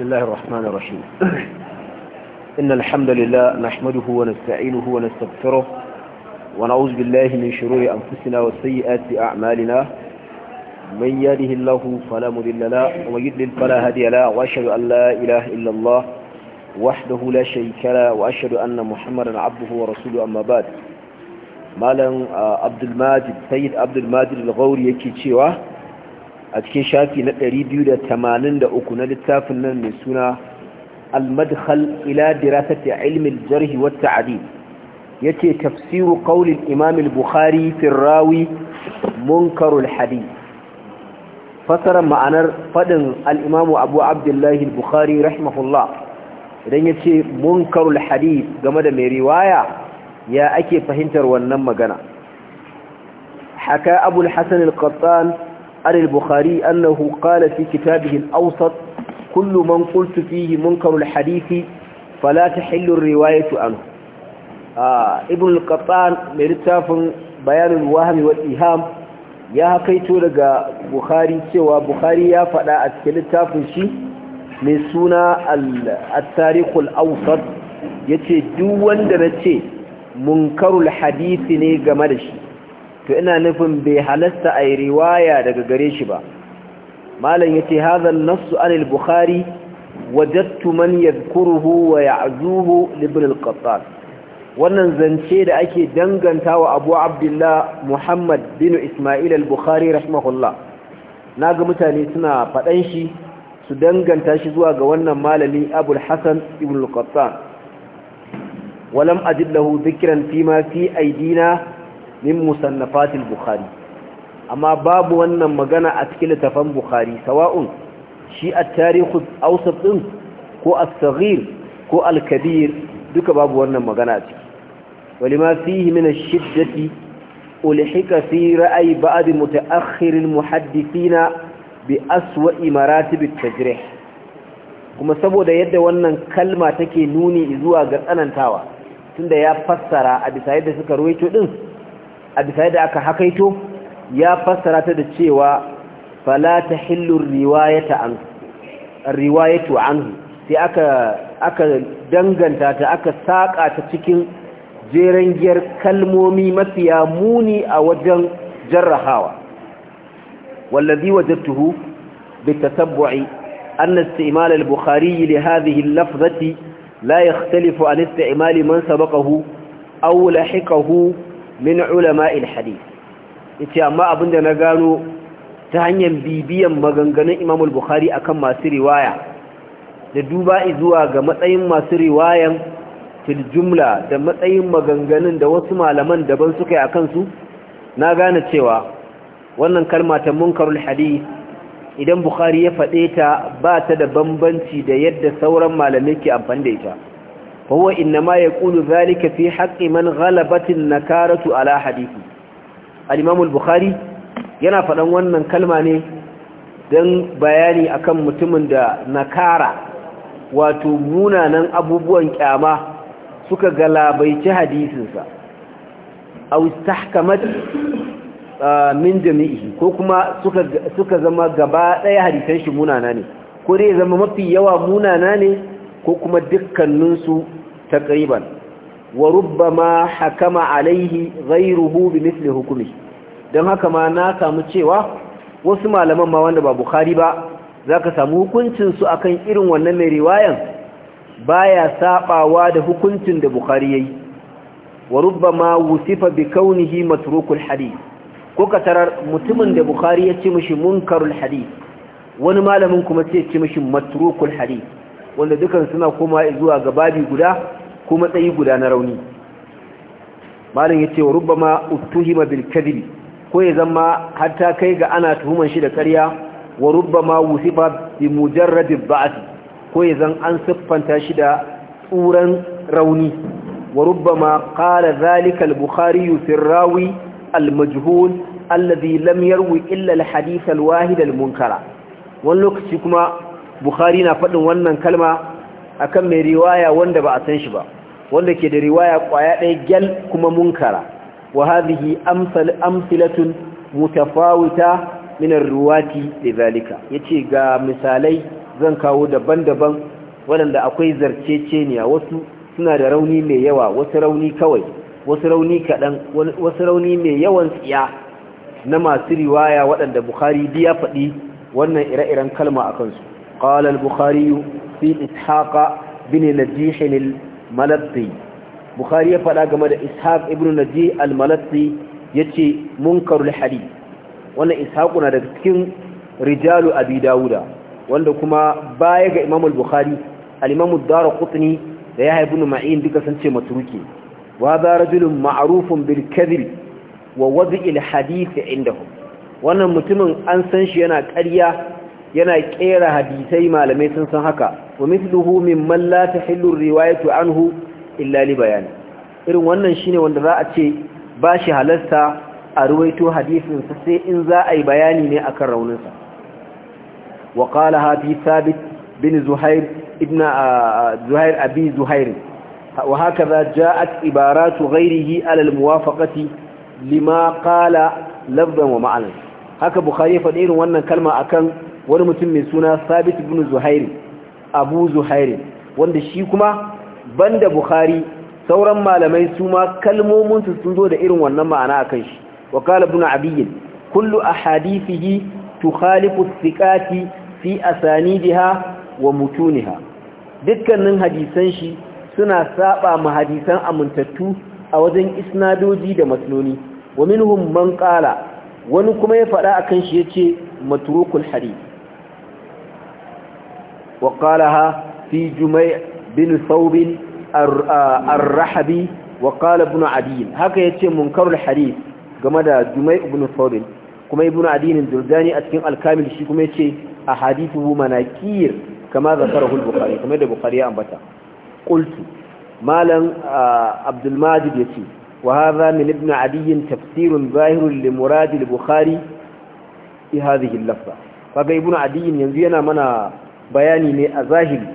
بسم الله الرحمن الرحيم إن الحمد لله نحمده ونستعينه ونستغفره ونعوذ بالله من شرور أنفسنا وسيئات أعمالنا من يهده الله فلا مضل له ومن يضلل فلا هادي له وأشهد أن لا إله إلا الله وحده لا شريك له وأشهد أن محمدا عبده ورسوله أما بعد مالا عبد الماجد سيد عبد الماجد الغوري يكي تشيوه a cikin shafi na 283 na littafin nan mai suna al ila dirasati ilmi jarhi wata wa yace tafsiru qawli al-imam al-bukhari fi rawi fasara ma'anar fadin al abu abdullahi al rahimahullah idan yace munkar al-hadith game da mai riwaya ya ake fahimtar wannan magana haka abul hasan al-qattan عن البخاري أنه قال في كتابه الأوسط كل من قلت فيه منكر الحديث فلا تحل الرواية عنه آه ابن القطان مرتاف بيان الوهم والإيهام ya kaito daga bukhari cewa bukhari ya faɗa a littafin shi mai suna al-tarikul yace duk wanda nace munkarul hadisi ne game da shi to ina nufin bai halasta a riwaya daga gare shi ba malam yace hadha an-nass an al-bukhari wajadtu man yadhkuruhu wa ya'zuhu ibn al-qattan wannan zance da ake wa abu abdullah muhammad bin isma'il al-bukhari rahimahullah naga mutane suna fadan shi su danganta shi zuwa ga wannan malami abul hasan ibn al-qattan ولم أجد له ذكرا فيما في أيدينا min musannafatil bukhari amma babu wannan magana a cikin littafan bukhari sawa'un shi at-tarihu ausaf din ko as-saghir ko al-kabir duka babu wannan magana a ciki walima fihi min ash-shiddati ulhika fi ra'yi ba'd mutaakhir al-muhaddithina bi aswa'i maratib at-tajrih kuma saboda yadda wannan kalma take nuni zuwa ga tsanantawa tunda ya fassara a bisa yadda suka ruwaito din a bisa da aka hakaito ya fassara ta da cewa fala ta riwayata riwayatu anhu sai aka aka danganta ta aka saƙa ta cikin jeren giyar kalmomi mafiya muni a wajen jarrahawa wallazi wajadtuhu bitasabbu'i أن استعمال البخاري لهذه lafzati لا يختلف عن استعمال من سبقه أو لحقه min ulama hadith yace amma abinda na gano ta hanyar bibiyan maganganun imamul bukhari akan masu riwaya da duba zuwa ga matsayin masu riwayan fil jumla da matsayin maganganun da wasu malaman daban suka yi akan su na gane cewa wannan kalma ta munkarul hadith idan Bukhari ya faɗe ta ba ta da bambanci da yadda sauran malamai ke amfani da ita فهو إنما يقول ذلك في حق من غلبت النكارة على حديثه الإمام البخاري yana faɗan wannan kalma ne don bayani akan mutumin da nakara wato munanan abubuwan kyama suka galabaici hadisinsa aw istahkamat min jami'i ko kuma suka suka zama gaba ɗaya hadisan shi munana ne ko dai zama mafi yawa munana ne ko kuma dukkaninsu تقريبا وربما حكم عليه غيره بمثل حكمه don haka ma na samu cewa wasu malaman ma wanda ba bukhari ba zaka samu hukuncin su akan irin wannan mai riwayan baya sabawa da hukuncin da bukhari yayi Warubbama wusifa bi kaunihi matrukul hadith ko katarar mutumin da bukhari ya ce mishi munkarul hadith wani malamin kuma ce ce mishi matrukul hadith wanda dukan suna koma zuwa ga babi guda ko matsayi guda na rauni malin ya ce wa rubama ma bil kadhib ko ya zama hatta kai ga ana tuhuman shi da ƙarya wa rubama wusifa bi mujarrad ba'th ko ya zan an siffanta shi da tsuran rauni wa rubama qala zalika al bukhari fi rawi al majhul alladhi lam yarwi illa al hadith al wahid al munkara wani lokaci kuma bukhari na faɗin wannan kalma akan mai riwaya wanda ba a san shi ba wanda ke da riwaya kwaya ɗaya gyal kuma munkara wa hadhihi amsalatun mutafawita min ar-ruwati lidhalika yace ga misalai zan kawo daban-daban waɗanda akwai zarceceniya wasu suna da rauni mai yawa wasu rauni kawai wasu rauni kaɗan wasu rauni mai yawan tsiya na masu riwaya waɗanda bukhari biya fadi wannan ire-iren kalma a kansu قال البخاري fi إسحاق bin نجيح malatsi bukhari ya faɗa game da ishaq ibn naji al-malatsi yace munkarul hadith wannan ishaq na daga cikin rijalu abi dawuda wanda kuma baya ga imam al-bukhari al-imam da ya ibn ma'in duka sance ce matruki wa da rajulun ma'rufun bil kadhib wa wad'i al-hadith indahum wannan mutumin an san shi yana ƙarya yana kera hadisai malamai sun san haka wa mithluhu mimman la tahillu riwayatu anhu illa li bayan irin wannan shine wanda za a ce ba shi halasta a ruwaito hadisin sa sai in za a yi bayani ne akan raunin sa wa qala hafi thabit bin zuhair ibn zuhair abi zuhair wa hakaza ja'at ibaratu ghayrihi ala al-muwafaqati lima qala lafzan wa ma'anan haka bukhari ya faɗi irin wannan kalma akan wani mutum mai suna sabit ibn zuhairi abu zuhairi wanda shi kuma banda bukhari sauran malamai su ma kalmominsu sun zo da irin wannan ma'ana a kan shi wa kala ibn abiyyin kullu ahadithihi tukhalifu thiqati fi asanidiha wa mutuniha dukkanin hadisan shi suna saba ma hadisan amintattu a wajen isnadoji da masloli wa minhum man qala wani kuma ya faɗa akan shi yace matrukul hadith وقالها في جميع بن ثوب الرحبي وقال ابن عدي هكا يتي منكر الحديث كما دا جميع بن ثوب كما ابن عدي الجرداني أتكين الكامل شي كما يتي أحاديثه مناكير كما ذكره البخاري كما دا بخاري أنبتا قلت مالا عبد الماجد يتي وهذا من ابن عدي تفسير ظاهر لمراد البخاري في هذه اللفظة فقال ابن عدي ينزينا منا bayani ne a zahiri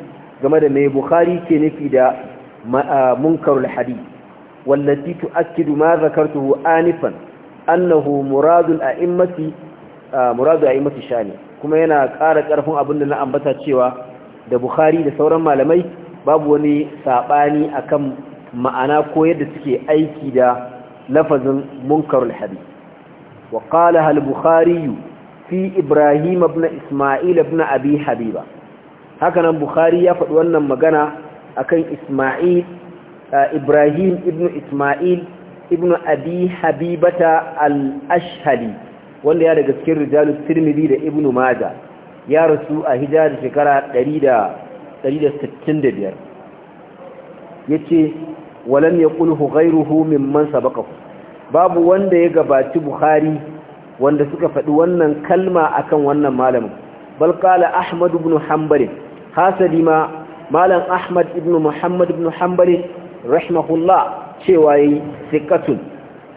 game da mai bukhari ke nufi da munkarul hadith tu tu'akkidu ma zakartuhu anifan annahu muradul a'immati muradu sha shani kuma yana ƙara ƙarfin abin da na ambata cewa da bukari da sauran malamai babu wani sabani akan ma'ana ko yadda suke aiki da lafazin munkarul hadith wa qala al bukhari fi ibrahim ibn isma'il ibn abi habiba hakanan bukhari ya faɗi wannan magana akan isma'il ibrahim ibnu isma'il ibnu abi habibata al-ashhali wanda ya daga cikin rijalus tirmidhi da ibnu majah ya rasu a hijira da shekara 165 yace walam yaqulu ghayruhu mimman sabaqahu babu wanda ya gabaci bukhari wanda suka faɗi wannan kalma akan wannan malamin bal qala ahmad ibn hanbal hasali ma malam ahmad ibn muhammad ibn hanbali rahimahullah cewa yi sikatun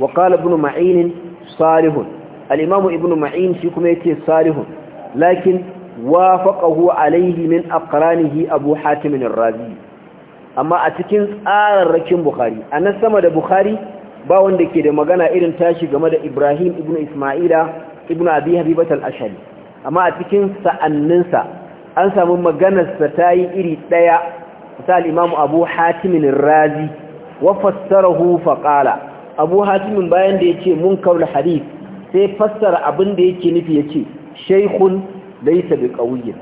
wa qala ibn ma'in salihun al-imam ibn ma'in shi kuma yace salihun lakin wafaqahu alayhi min aqranihi abu hatim ar-razi amma a cikin tsararrakin bukhari anan sama da bukhari ba wanda ke da magana irin tashi game da Ibrahim ibn Isma'ila ibn Abi habibatal ashari amma a cikin sa'anninsa an samu maganarsa ta yi iri ɗaya ta al'imamu abu hatimin razi wa fassarahu faƙala abu hatimin bayan da ya ce mun kaula hadith sai fassara abin da yake nufi ya ce shaikun laisa bi ƙauyin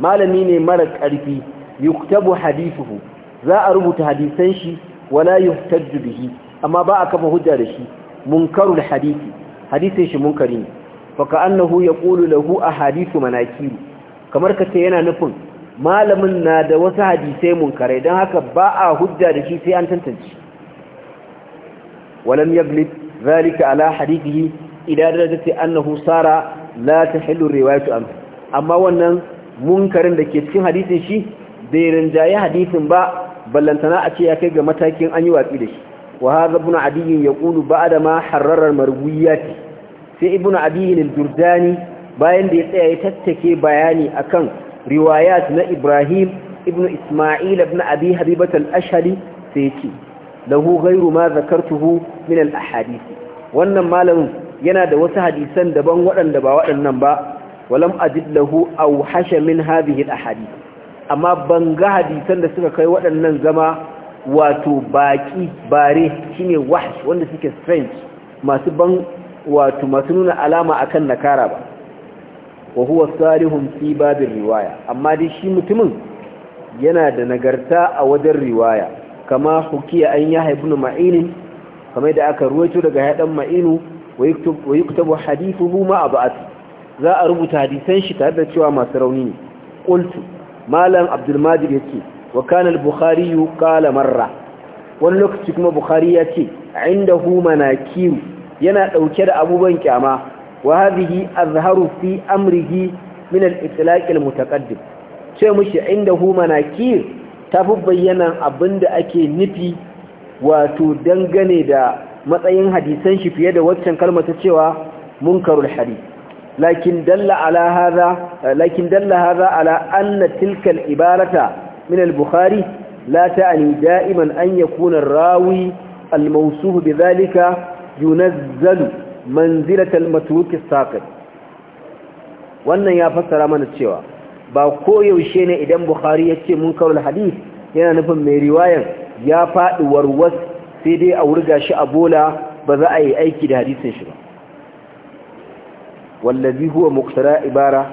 malami ne mara ƙarfi yuktabu hadithuhu za a rubuta hadisan shi wala yuhtajju bihi amma ba a kafa hujja da shi munkarul hadisi hadisin shi munkari ne fa ka'annahu yaqulu lahu ahadithu manakiru kamar ka ce yana nufin malamin na da wasu hadisai munkarai don haka ba a hujja da shi sai an tantance walam yaglib zalika ala hadithihi idan da ta annahu sara la tahillu riwayatu an amma wannan munkarin da ke cikin hadisin shi bai rinjaye hadisin ba ballantana a ce ya kai ga matakin an yi watsi da shi wa hadha ibn adiy yaqulu ba'da ma harrara al sai ibn adiy al bayan da ya tsaya ya tattake bayani akan riwayat na Ibrahim ibn Isma'il ibn Abi Habibat al-Ashhali sai ce lahu ghayru ma zakartuhu min al-ahadith wannan malamin yana da wasu hadisan daban waɗanda ba waɗannan ba walam ajid lahu aw hasha min hadhihi al-ahadith amma banga hadisan da suka kai waɗannan zama wato baki bare shine wahsh wanda suke strange masu ban wato masu nuna alama akan nakara ba wa huwa salihun fi babin riwaya amma dai shi mutumin yana da nagarta a wajen riwaya kama hukiya an ya haifu ma'inin kamar da aka ruwaito daga haɗan ma'inu wa yi kutabu hadithu ma a ba'atu za a rubuta hadisan shi tare da cewa masu rauni ne ƙultu malam abdulmadir ya ce wa kana bukhari yu kala marra wani lokaci kuma bukhari ya ce inda na kiru. yana ɗauke da abubuwan kyama wa hadhihi azharu fi amrihi min al-itlaq al-mutaqaddim ce mushi indahu manakir tafi bayyana abinda ake nufi wato dangane da matsayin hadisan shi fiye da waccan kalmar ta cewa munkarul hadith lakin dalla ala hadha lakin dalla anna tilka ibarata min al-bukhari la ta'ani da'iman an yakuna rawi al-mawsuuf bidhalika yunazzalu manzilatal matruki saqit wannan ya fassara mana cewa ba koyaushe ne idan bukhari ya ce munkarul hadith yana nufin mai riwayar ya faɗi warwas sai dai a wurga shi a bola ba za a yi aiki da hadisin shi ba wallazi huwa muqtara ibara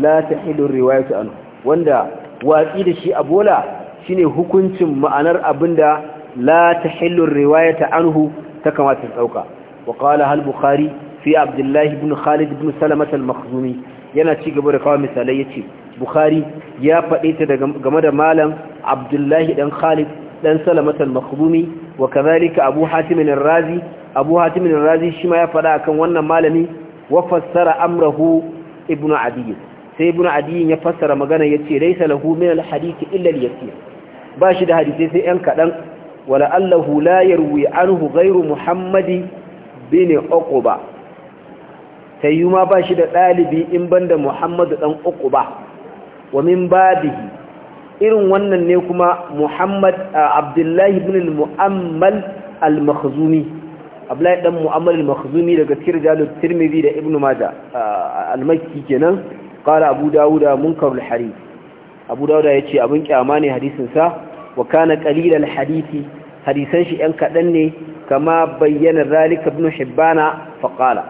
la tahilu riwayatu anhu wanda watsi da shi a bola shine hukuncin ma'anar abinda la tahilu riwayatu anhu ta kamata ta dauka وقالها البخاري في عبد الله بن خالد بن سلمة المخزومي yana ci gaba da kawo misalai ya ce bukhari ya faɗe ta game da malam abdullahi ɗan khalid ɗan salamatar makhubumi wa kazalika abu hatimin razi abu hatimin razi shi ma ya faɗa akan wannan malami wa fassara amrahu ibn adiyin sai ibn adiyin ya fassara magana ya ce laisa lahu min alhadisi illa al ba shi da hadisi sai yan kaɗan wala allahu la yarwi anhu ghairu muhammadi ne shine ta sai yuma ba shi da dalibi in banda muhammadu dan ba wa min babihi irin wannan ne kuma muhammad abdullahi ibn muammal al-makhzumi abdullahi dan mu'ammal al-makhzumi daga tirjalut tirmidhi da ibnu majah al-makki kenan qala abu munkar al-harith abu dauda yace abin kyama ne hadisin sa wa kana al hadisi hadisan shi yan kadan ne kama bayyana zalika ibn hibbana faqala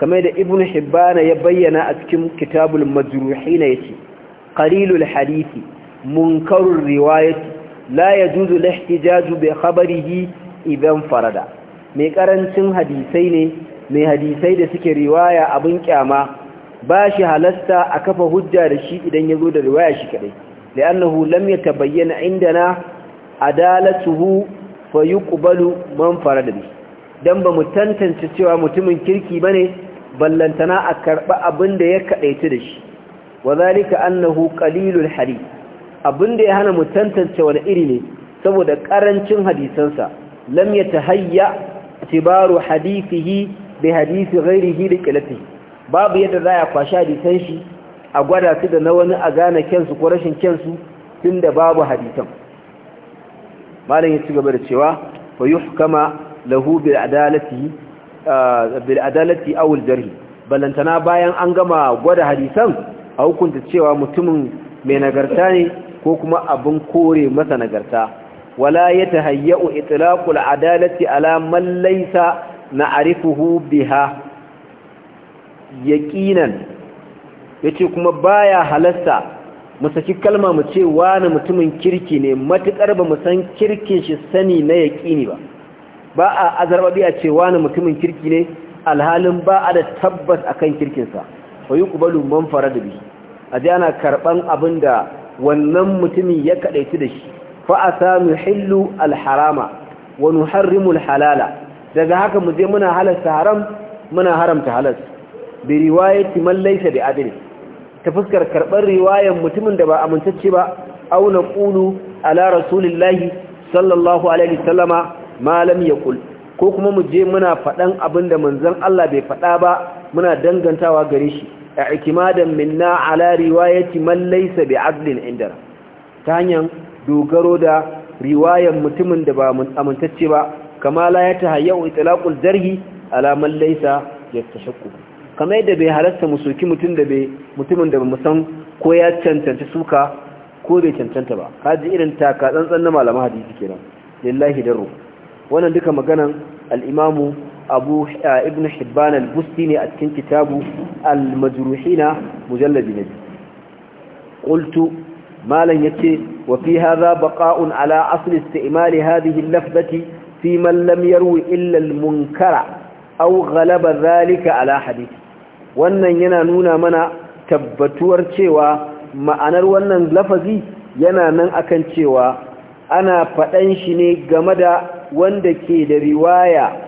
kamar da ibn hibbana ya bayyana a cikin kitabul majruhin yace qalilul hadisi munkarur riwayati la yajuzu lihtijaju bi khabarihi idan farada mai karancin hadisai ne mai hadisai da suke riwaya abun kyama bashi shi halasta a kafa hujja da shi idan ya zo da riwaya shi kadai li'annahu lam na indana adalatuhu fa yuqbalu man da bi dan ba mu tantance cewa mutumin kirki ba bane ballantana a karba abinda ya kadaici da shi wazalika annahu qalilul hadith abinda ya hana mu tantance wani iri ne saboda ƙarancin hadisansa lam yatahayya tibaru hadithihi bi hadisi ghairihi da qilatihi babu yadda za ya kwashi hadisan shi a gwada su da na wani a gane kyansu ko rashin kyansu tunda babu hadisan malam ya ci gaba da cewa fa yuhkama lahu bil adalati ah, bil adalati aw al jarh balantana bayan an gama gwada hadisan a hukunta cewa mutumin mai nagarta ne ko kuma abin kore masa nagarta wala yatahayya'u itlaqul adalati ala man laysa na'rifuhu biha yaqinan yace kuma baya halasta mu saki kalma mu ce wani mutumin kirki ne matukar ba mu san kirkin shi sani na yaƙini ba ba a azarbabi a ce wani mutumin kirki ne alhalin ba a da tabbas a kan kirkinsa wa yi kubalu man fara da bihi a ji ana karɓan abin da wannan mutumin ya kaɗaitu da shi fa mu hillu alharama wa nuharrimu halala daga haka mu je muna halasta haram muna haramta halas bi riwayati man laysa bi ta fuskar karɓar riwayan mutumin da ba amintacce ba auna ƙulu ala rasulillahi sallallahu alaihi sallama malam ya ƙul ko kuma mu je muna faɗan abin da manzan Allah bai faɗa ba muna dangantawa gare shi a ikimadan minna ala riwayati man laysa bi adlin ta hanyar dogaro da riwayan mutumin da ba amintacce ba kama la ya tahayyau itlaqul jarhi ala man laysa yastashaqqa kamar yadda bai halarta musuki soki mutum da bai mutumin da san ko ya cancanci suka ko bai cancanta ba kaji irin taka tsantsan na malaman hadisi kenan lillahi darru wannan duka maganan al-imamu abu eh, ibn hibban al-busti ne a cikin kitabu al-majruhina mujallad bi. qultu malan yace wa fi hadha baqa'un ala asl isti'mal hadhihi al-lafzati fi man lam yarwi illa al-munkara aw ghalaba dhalika ala hadithi wannan yana nuna mana tabbatuwar cewa ma'anar wannan lafazi yana nan akan cewa ana faɗan shi ne game da wanda ke da riwaya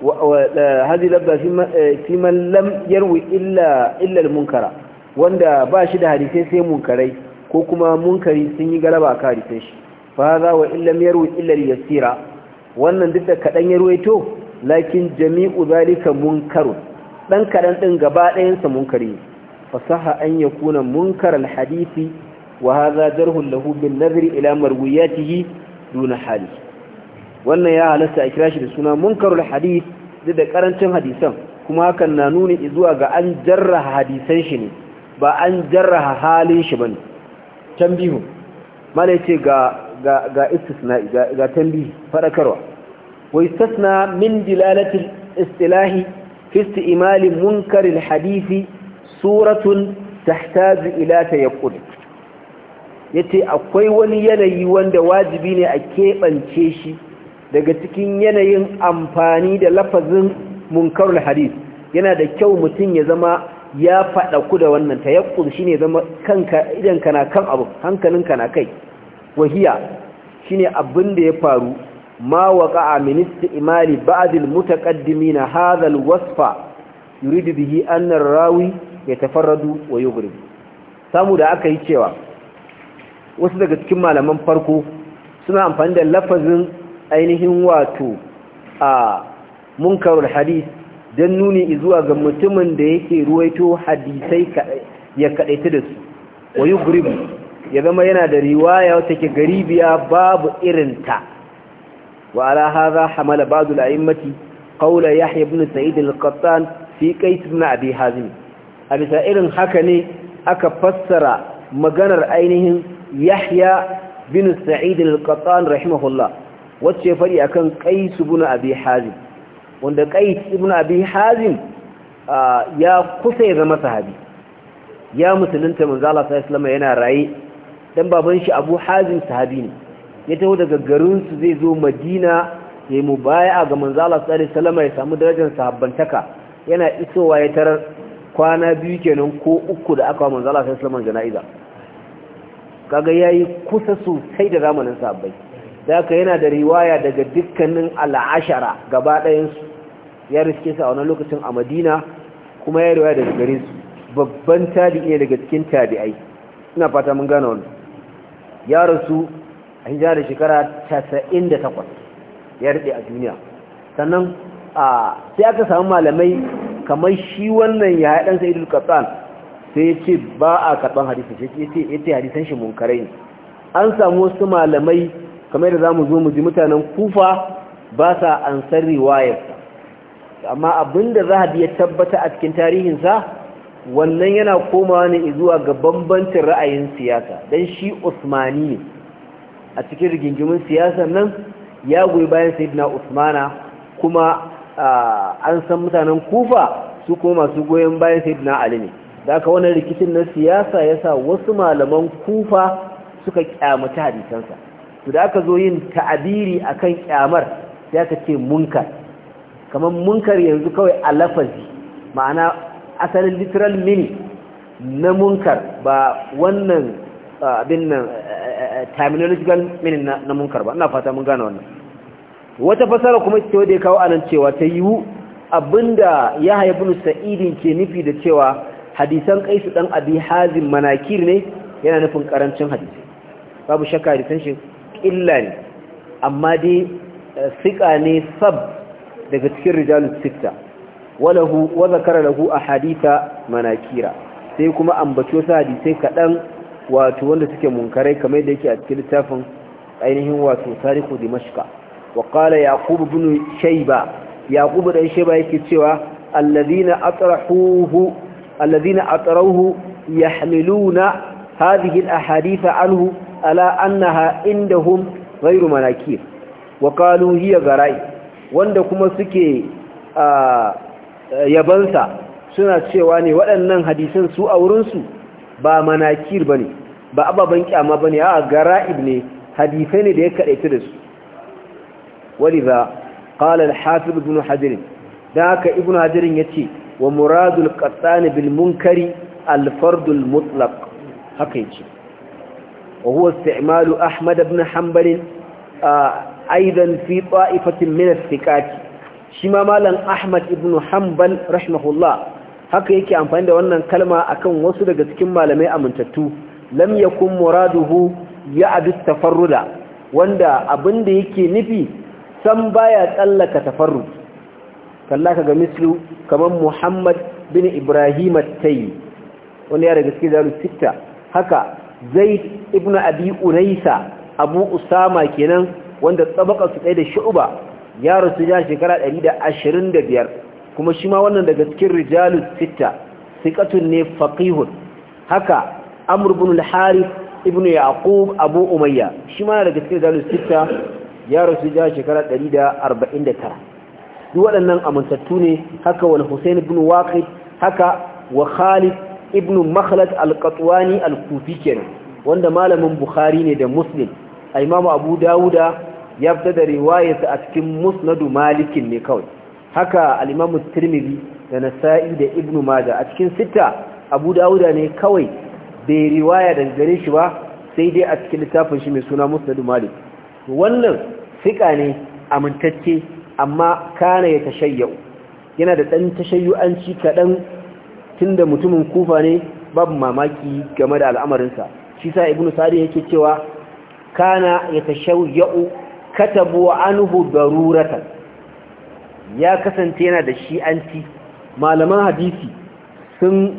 eh, hazi labda eh, fi man lam yarwi illa munkara wanda ba shi da hadisai sai munkarai ko kuma munkari sun yi galaba ka hadisai shi fa za wa illam yarwi illa yasira wannan duk da kadan yarwaito lakin jami'u zalika munkarun dan kaɗan ɗin gaba ɗayansa munkari munkari fasaha an kuna munkar alhadisi wa hadha jarhun lahu bin nazari ila marwiyatihi duna hali wannan ya halasta a kira shi da suna munkarul hadith duk da karancin hadisan kuma hakan na nuni zuwa ga an jarraha hadisan shi ne ba an jarraha halin shi bane tambihu mala yace ga ga ga istisna'i ga tambihi fadakarwa wa istisna min dilalatil istilahi في استئمال منكر الحديث سورة تحتاج إلى تيقن yace akwai wani yanayi wanda wajibi ne a keɓance shi daga cikin yanayin amfani da lafazin munkarul hadith yana da kyau mutum ya zama ya faɗa ku da wannan tayakkul ne zama kanka idan kana kan abu hankalinka na kai wahiya shine abin da ya faru ما وقع من استعمال بعض المتقدمين هذا الوصف يريد به أن الراوي يتفرد ويغرب samu da aka yi cewa wasu daga cikin malaman farko suna amfani da lafazin ainihin wato a munkarul hadis don nuni zuwa ga mutumin da yake ruwaito hadisai ya kaɗaita da su wayu guribi ya zama yana da riwaya wata ke garibiya babu irinta وعلى هذا حمل بعض الأئمة قول يحيى بن سعيد القطان في كيس بن أبي حازم أبي سائر حكني أكفسر مغنر أينهم يحيى بن سعيد القطان رحمه الله وتشفري أكن كيس بن أبي حازم وعند كيس بن أبي حازم آه يا قسي ذا مصحبي ya musulunta manzala sa islama yana raye dan baban shi abu hazin sahabi ne ya taho daga garinsu zai zo madina ya yi mubaya ga manzala tsari salama ya samu darajar sahabbantaka yana isowa ya tarar kwana biyu kenan ko uku da aka wa manzala tsari salama jana'iza kaga ya yi kusa sosai da zamanin sahabbai da aka yana da riwaya daga dukkanin al'ashara gaba ɗayansu ya riske su a wani lokacin a madina kuma ya riwaya daga gare su babban tabi'i daga cikin tabi'ai ina fata mun gane wani ya rasu a hijira da shekara 98 ya daɗe a duniya sannan a sai aka samu malamai kamar shi wannan ya haɗan sa idul katsan sai ya ce ba a karɓar hadisun shi ya ce hadisun shi munkarai an samu wasu malamai kamar da za mu zo mu ji mutanen kufa ba sa an san riwayarsa amma abinda zahabi ya tabbata a cikin tarihinsa wannan yana komawa ne zuwa ga bambancin ra'ayin siyasa don shi usmani ne a cikin rigingimin siyasar nan ya goyi bayan na usmana kuma an san mutanen kufa su kuma masu goyon bayan sayyidina ali ne da aka wani rikicin na siyasa ya sa wasu malaman kufa suka kyamata hadisansa Su da aka zo yin ta'abiri kan kyamar ya ka ce munkar kamar munkar yanzu kawai a lafazi ma'ana asalin literal mini na munkar ba wannan abin nan terminological meaning na munkar ba ina fata mun gane wannan wata fasara kuma ce wanda ya kawo anan cewa ta yiwu abinda ya haifu sa'idin ke nufi da cewa hadisan kaisu dan abi hazin manakir ne yana nufin karancin hadisi babu shakka hadisan shi illa ne amma dai eh, sika ne sab daga cikin rijalus sitta walahu wa zakara lahu ahaditha manakira sai kuma ambaci wasu hadisai kadan. wato wanda suke munkarai kamar da yake a cikin littafin ainihin wato tarihu dimashqa wa qala yaqub ibn shayba yaqub dan shayba yake cewa alladhina atrahuhu alladhina atrahu yahmiluna hadhihi alahadith anhu ala annaha indahum ghayru manakir wa qalu hiya garai wanda kuma suke ah, yabansa suna cewa ne waɗannan hadisan su a wurinsu ba manakir bane ba ababan kyama bane a gara'ib ne hadisai ne da ya kadaita da su waliza qala al-hafiz ibn hajar da haka ibn hajar yace wa muradul ƙasani bil munkari alfardul fard al-mutlaq haka yace wa huwa isti'malu ahmad ibn a aidan fi ta'ifatin min al shi ma malam ahmad ibn hambal rahimahullah haka yake amfani da wannan kalma akan wasu daga cikin malamai amintattu lam yakun muraduhu ya abi tafarruda wanda abin da yake nufi san baya tsallaka tafarrud kalla kaga mislu kaman Muhammad bin Ibrahim at tayy wanda ya daga cikin zaru sita haka Zaid ibn Abi Unaysa Abu Usama kenan wanda tsabaka su kai da Shu'ba ya rasu ya shekara 125 kuma shi ma wannan daga cikin rijalus sita sikatun ne faqihun haka amr ibn al-harith ibn yaqub abu umayya shi ma daga cikin rijalus sita ya rasu ja shekara 149 duk waɗannan amintattu ne haka wal husayn ibn waqid haka wa khalid ibn makhlad al-qatwani al-kufi kenan wanda malamin bukhari ne da muslim a abu dawuda ya fita da riwayarsa a cikin musnadu malikin ne kawai haka al tirmidhi da nasa'i da Ibn majah a cikin sita abu dauda ne kawai bai riwaya daga gare shi ba sai dai a cikin littafin shi mai suna musnad malik wannan fika ne amintacce amma kana ya tashayyau yana da ɗan tashayyu'anci kaɗan, tunda mutumin kufa ne babu mamaki game da al'amarinsa shi sa ibnu sa'di yake cewa kana ya tashayyau katabu anhu daruratan ya kasance yana da shi'anci malaman hadisi sun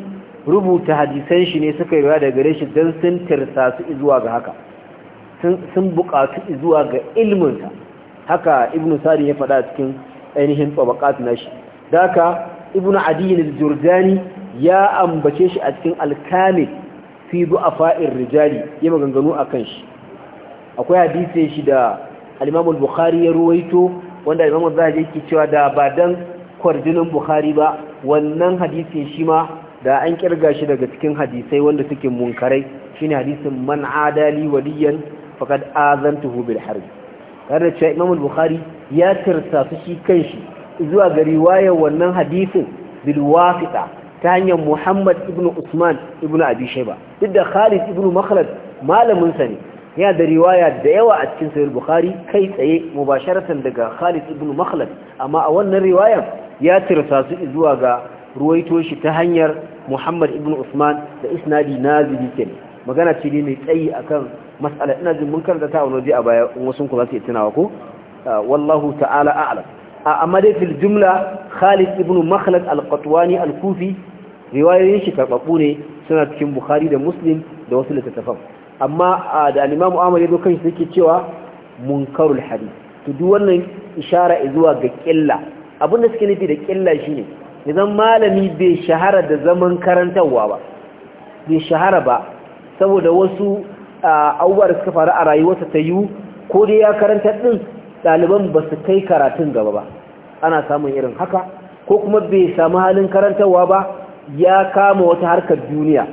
rubuta hadisan shi ne suka yi da gare shi don sun tirsa su zuwa ga haka sun buƙatu zuwa ga ilminsa haka ibn sari ya faɗa cikin ainihin tsabakat na shi da haka ibn adiyin jordani ya ambace shi a cikin alkamil fi du'afa'ir rijali ya maganganu a kan shi akwai hadisai shi da alimamul bukhari ya ruwaito wanda imamu zahabi yake cewa da ba dan kwarjinin bukhari ba wannan hadisin shi ma da an kirga shi daga cikin hadisai wanda suke munkarai shine hadisin man adali waliyan faqad azantuhu bil harb kada cewa imamu bukhari ya tirsa su shi kanshi zuwa ga riwayar wannan hadisin bil wafita ta hanyar muhammad ibnu usman ibnu abi shaiba duk da khalid ibnu makhlad malamin sa ne ya da riwaya da yawa a cikin sahih bukhari kai tsaye mubasharatan daga Khalid ibn Makhlad amma a wannan riwayan ya tirsa su zuwa ga ruwaito shi ta hanyar Muhammad ibn Usman da isnadi nazili kenan magana ce mai tsayi akan mas'ala ina jin mun karanta ta wani a baya wasu ku za su tunawa ko ah, wallahu ta'ala a'lam ah, amma dai fil jumla Khalid ibn Makhlad al-Qatwani al-Kufi riwayoyin shi karbabbu ne suna cikin Bukhari da Muslim da wasu littattafan amma da al ya zo kan shi yake cewa munkarul hadith to duk wannan ishara zuwa ga killa da suke nufi da killa shine idan malami bai shahara da zaman karantarwa ba bai shahara ba saboda wasu abubuwa da suka faru a rayuwarsa ta yiwu ko dai ya karanta din ɗaliban ba su kai karatun gaba ba ana samun irin haka ko kuma bai samu halin karantarwa ba ya kama wata harkar duniya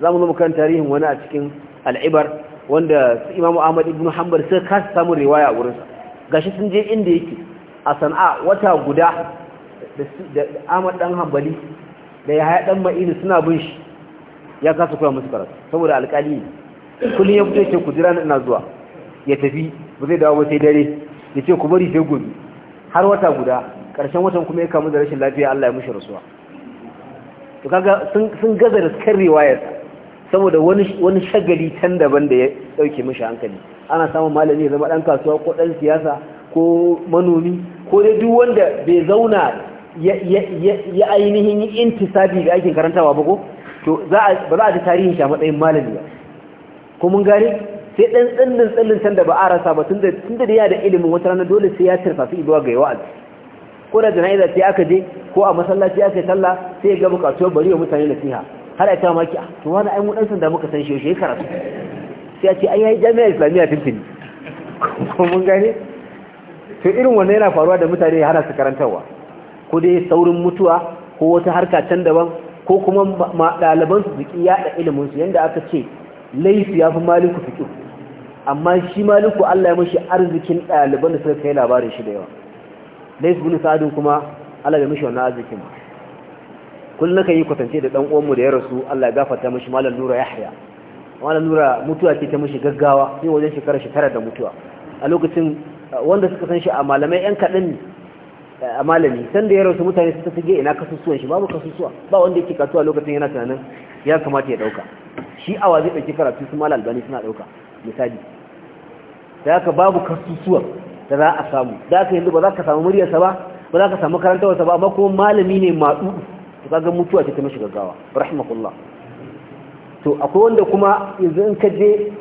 za mu zama kan tarihin wani a cikin al'ibar wanda su imamu ahmad ibn hanbar sai kasa samun riwaya a wurinsa Ga shi sun je inda yake a sana'a wata guda da ahmad dan hanbali da ya haya dan ma'ini suna bin shi ya kasa koya musu karatu saboda alƙali kullum ya fito ce ku jira ina zuwa ya tafi ba zai dawo ba sai dare ya ce ku bari sai gobe har wata guda ƙarshen watan kuma ya kamu da rashin lafiya Allah ya mushi rasuwa to kaga sun gaza da kan riwayar saboda wani shagali can daban da ya dauke mishi hankali ana samu malami ya zama dan kasuwa ko dan siyasa ko manomi ko dai duk wanda bai zauna ya ainihin intisabi ga aikin karantawa ba ko to ba za a ji tarihin shi a matsayin malami ba ko mun gane sai dan tsallin tsallin can da ba a rasa ba tunda da ya da ilimin wata rana dole sai ya tarfafi izuwa ga yawa ko da jana'iza ce aka je ko a masallaci aka yi sallah sai ga bukatu bari wa mutane nasiha har a ta maki ah, to wani ai mu dan sanda muka san shi shi karatu sai a ce ai ai jami'a islamiyya tuntuni ko mun gane to irin wannan yana faruwa da mutane har su karantawa ko dai saurin mutuwa ko wata harka can daban ko kuma ɗaliban su zuki yaɗa ilimin su yanda aka ce laifi ya fi maliku fiƙi amma shi maliku Allah ya mashi arzikin ɗaliban da suka kai labarin shi da yawa lais bin sa'adin kuma Allah ya mishi wannan arzikin kullum kan yi kwatance da dan uwanmu da ya rasu Allah ya gafarta mishi malam Nura Yahya malam Nura mutuwa ce ta mishi gaggawa ne wajen shekara shekara da mutuwa a lokacin uh, wanda suka san shi a malamai yan kaɗan uh, a malami san da ya rasu mutane suka sige ina kasusuwan shi babu kasusuwa ba wanda yake kasuwa lokacin yana tunanin ya kamata ya dauka shi awa zai dauki karatu su malam albani suna dauka misali da haka babu kasusuwa da za a samu da aka yanzu ba za ka samu muryarsa ba ba za ka samu karantarwarsa ba amma kuma malami ne matsu ta kaga mutuwa ce ta mashi gaggawa rahmatullah to akwai wanda kuma yanzu in ka je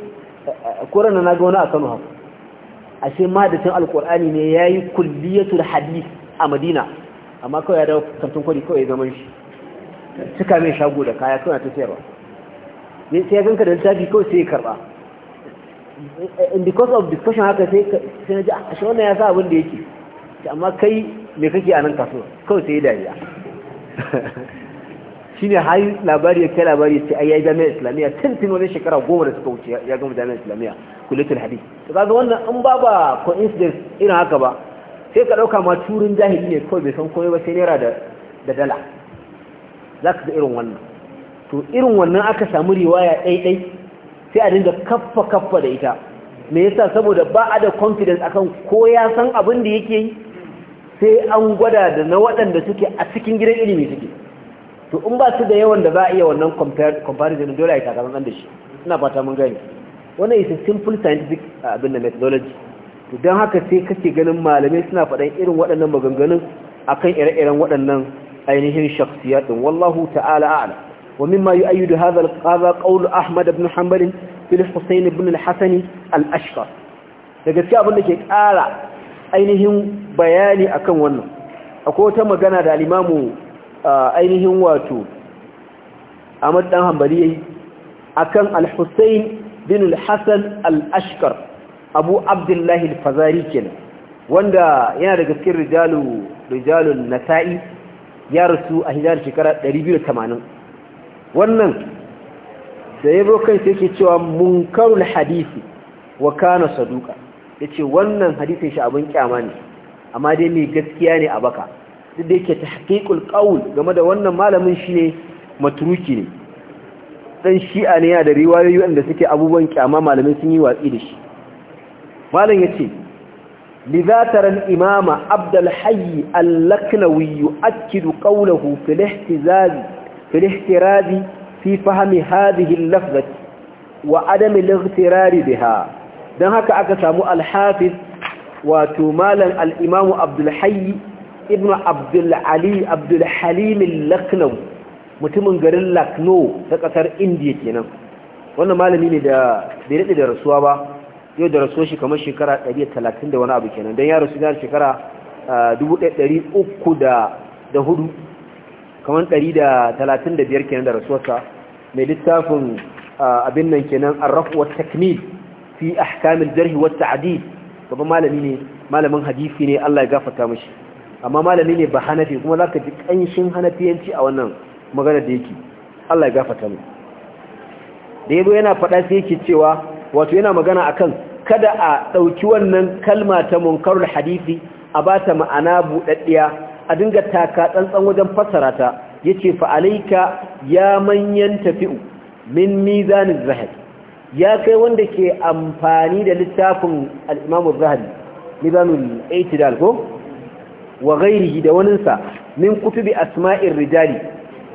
koran na ga wani a Kano haka ashe madadin alkur'ani ne yayi kulliyatul hadith a Madina amma kawai ya dawo kantin kwari kawai zaman shi cika mai shago da kaya kawai ta sayarwa ne sai ya ganka da littafi kawai sai ya karba because of discussion haka sai sai naji a ah, shi wannan ya sa abin da yake amma kai me kake a nan kawai sai dariya shine hayi labari ya kai labari sai ayi jami'a islamiyya tun tun wani shekara goma da suka wuce ya gama jami'a islamiyya kullatul hadith to kaga wannan an ba ba coincidence irin haka ba sai ka dauka ma turin jahili ne kawai bai san komai ba sai naira da da dala zaka ga irin wannan to irin wannan aka samu riwaya ɗaiɗai sai a dinga kaffa kaffa da ita me yasa saboda ba a da confidence akan ko ya san abin da yake yi sai an gwada da na waɗanda suke a cikin gidan ilimi suke to in ba su da yawan da za a iya wannan comparison dole a yi takarar da shi ina fata mun gani wannan is a simple scientific uh, abin da methodology to don haka sai kake ganin malamai suna faɗan irin waɗannan maganganun akan ire-iren waɗannan ainihin shakhsiyar din wallahu ta'ala a'lam ومما يؤيد هذا هذا قول احمد بن حنبل في الحسين بن الحسن الاشقر لذلك ابن لك قال اينهم بياني اكن wannan akwai wata magana da al-imamu ainihin wato Ahmad dan Hanbali yayi akan al-Husayn bin al al-Ashqar Abu Abdullah al-Fazari kenan wanda yana daga cikin rijalun nasa'i ya rasu a hijar shekara 280 wannan da ya kan sai yake cewa munkarul hadisi wa kana saduka yace wannan hadisin shi abin kyama ne amma dai mai gaskiya ne a baka duk da yake tahqiqul qawl game da wannan malamin shi ne matruki ne dan shi'a ne ya da riwayoyi wanda suke abubuwan kyama malamin sun yi watsi da shi malam yace لذاتر الإمام عبد الحي اللقنوي يؤكد قوله في الاحتزاز في الاحتراب في فهم هذه اللفظة وعدم الاغترار بها don haka aka samu alhafiz wato malam al'imamu abdulhayi ibnu abdulali abdulhalimin laknau mutumin garin lakno ta ƙasar indiya kenan wannan malami ne da bai daɗe da rasuwa ba yau da rasuwa shi kamar shekara 130 da wani abu kenan dan ya rasu ah, da shekara uku hudu. kamar 135 kenan da rasuwarsa mai littafin abin nan kenan arrafu wa takmil fi ahkamil jarhi wa ta'dil babban malami ne malamin hadisi ne Allah ya gafarta mishi amma malami ne ba hanafi kuma zaka ji kanshin hanafiyanci a wannan magana da yake Allah ya gafarta mu da yabo yana faɗa sai yake cewa wato yana magana akan kada a dauki wannan kalma ta munkarul hadisi a ba ta ma'ana buɗaɗɗiya. a dinga taka tsantsan wajen fassara ta yace fa alayka ya manyan tafi'u min mizaniz zahabi ya kai wanda ke amfani da littafin al-Imam az-Zahabi mizanul i'tidal ko wa ghairihi da waninsa min kutubi asma'ir rijali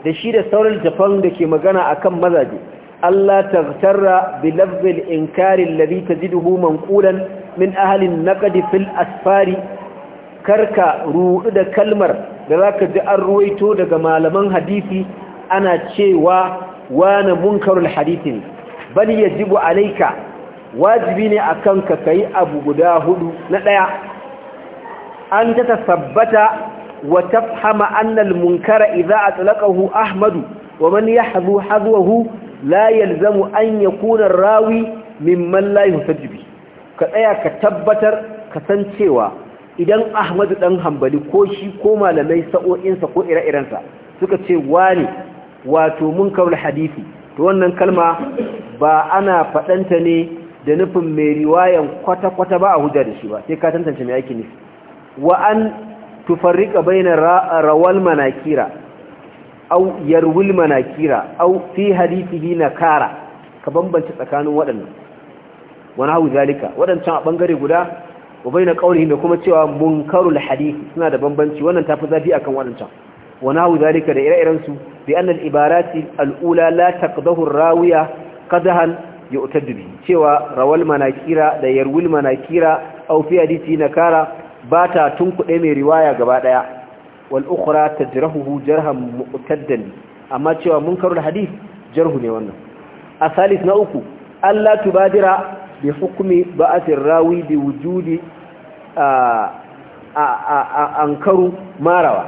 da shi da sauran littafan da ke magana akan mazaje Allah taghtarra bi lafzil inkari alladhi tajiduhu manqulan min ahli an-naqd fil asfari karka ruɗu da kalmar da za ka ji an ruwaito daga malaman hadisi ana cewa wane munkarul hadisi ne ya yajibu alaika wajibi ne a kanka ka yi abu guda hudu na ɗaya an ta tasabbata wa tafhama anna al-munkara idza atlaqahu ahmadu wa man yahdhu hadwahu la yalzamu an yakuna rawi mimman la jibi. ka tsaya ka tabbatar ka san cewa. idan ahmadu ɗan hambali ko shi ko malamai sa'o'insa ko ire-irensa suka ce wani wato mun kawo hadisi to wannan kalma ba ana faɗanta ne da nufin mai riwayan kwata-kwata ba a hujja da shi ba sai ka tantance mai ake nufi wa an tufarrika bayanar rawal manakira au yarwul manakira au fi na nakara ka bambanci tsakanin waɗannan wani hau zalika waɗancan a ɓangare guda wa na qawlihi da kuma cewa munkarul hadith suna da bambanci wannan tafi zafi akan wannan wa nahu zalika da ire-iren su bi anna al ibarati al la taqdahu ar rawiya qadahan yu'tad bi cewa rawal manakira da yarwil manakira aw fi na nakara ba ta kuɗe mai riwaya gaba ɗaya wal ukhra tajrahuhu jarhan mu'taddan amma cewa munkarul hadith jarhu ne wannan asalis na uku Allah tubadira bi hukumi ba'atin rawi bi wujudi ankaru marawa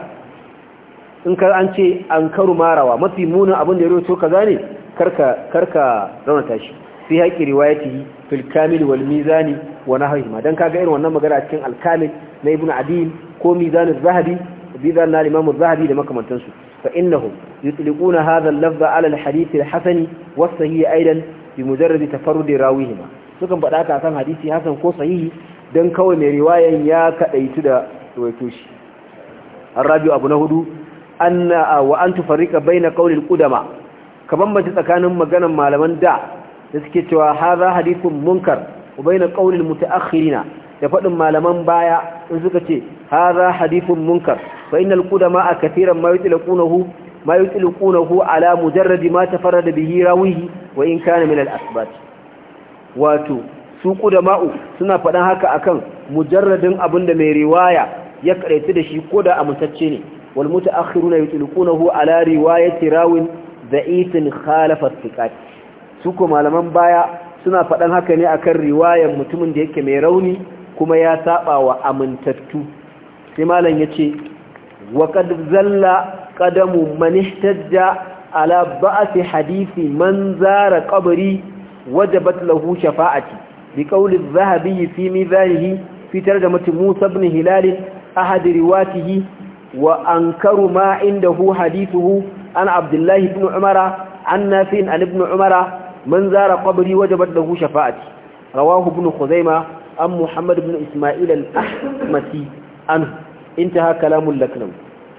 in kar an ce ankaru marawa mafi munin abin da ya roto kaza ne karka karka raunata shi fi haƙi riwayatihi fil kamil wal mizani wa nahwihi ma dan kaga irin wannan magana cikin al kamil na ibnu adil ko mizan az-zahabi bidan na imam az-zahabi da makamantansu fa innahum yutliquna hadha al-lafza ala al-hadith al-hasani was sahih aidan bi mujarrad tafarrud rawihima sukan faɗa ka san hadisi hasan ko sahihi don kawai mai riwayan ya kaɗaitu da ruwaito shi abu na hudu anna wa an tufarrika baina qaulil qudama ka mace tsakanin maganan malaman da da suke cewa hadha hadithun munkar wa baina qaulil mutaakhirina da faɗin malaman baya in suka ce hadha hadithun munkar fa innal a kathiran ma yutlaqunahu ma ala mujarradi ma da bihi rawihi wa in kana min al asbat wato su ma'u suna faɗan haka akan mujarradin abin da mai riwaya ya karaitu da shi ko da amintacce ne wal na yutliqunahu ala riwayati rawin da'ifin khalafa thiqat su ko malaman baya suna faɗan haka ne akan riwayar mutumin da yake mai rauni kuma ya saba wa amintattu sai malam yace wa qad zalla qadamu man ihtajja ala ba'ati hadisi man zara wajabat lahu shafa'ati bi qawli adh-dhahabi fi mizanihi fi tarjamati Musa ibn Hilal ahad riwatihi wa ankaru ma indahu hadithuhu an Abdullah ibn Umar an Nafi an ibn Umar man zara qabri wajabat lahu shafa'ati rawahu ibn Khuzaimah an Muhammad ibn Isma'il al-Ahmasi an intaha kalamul laknam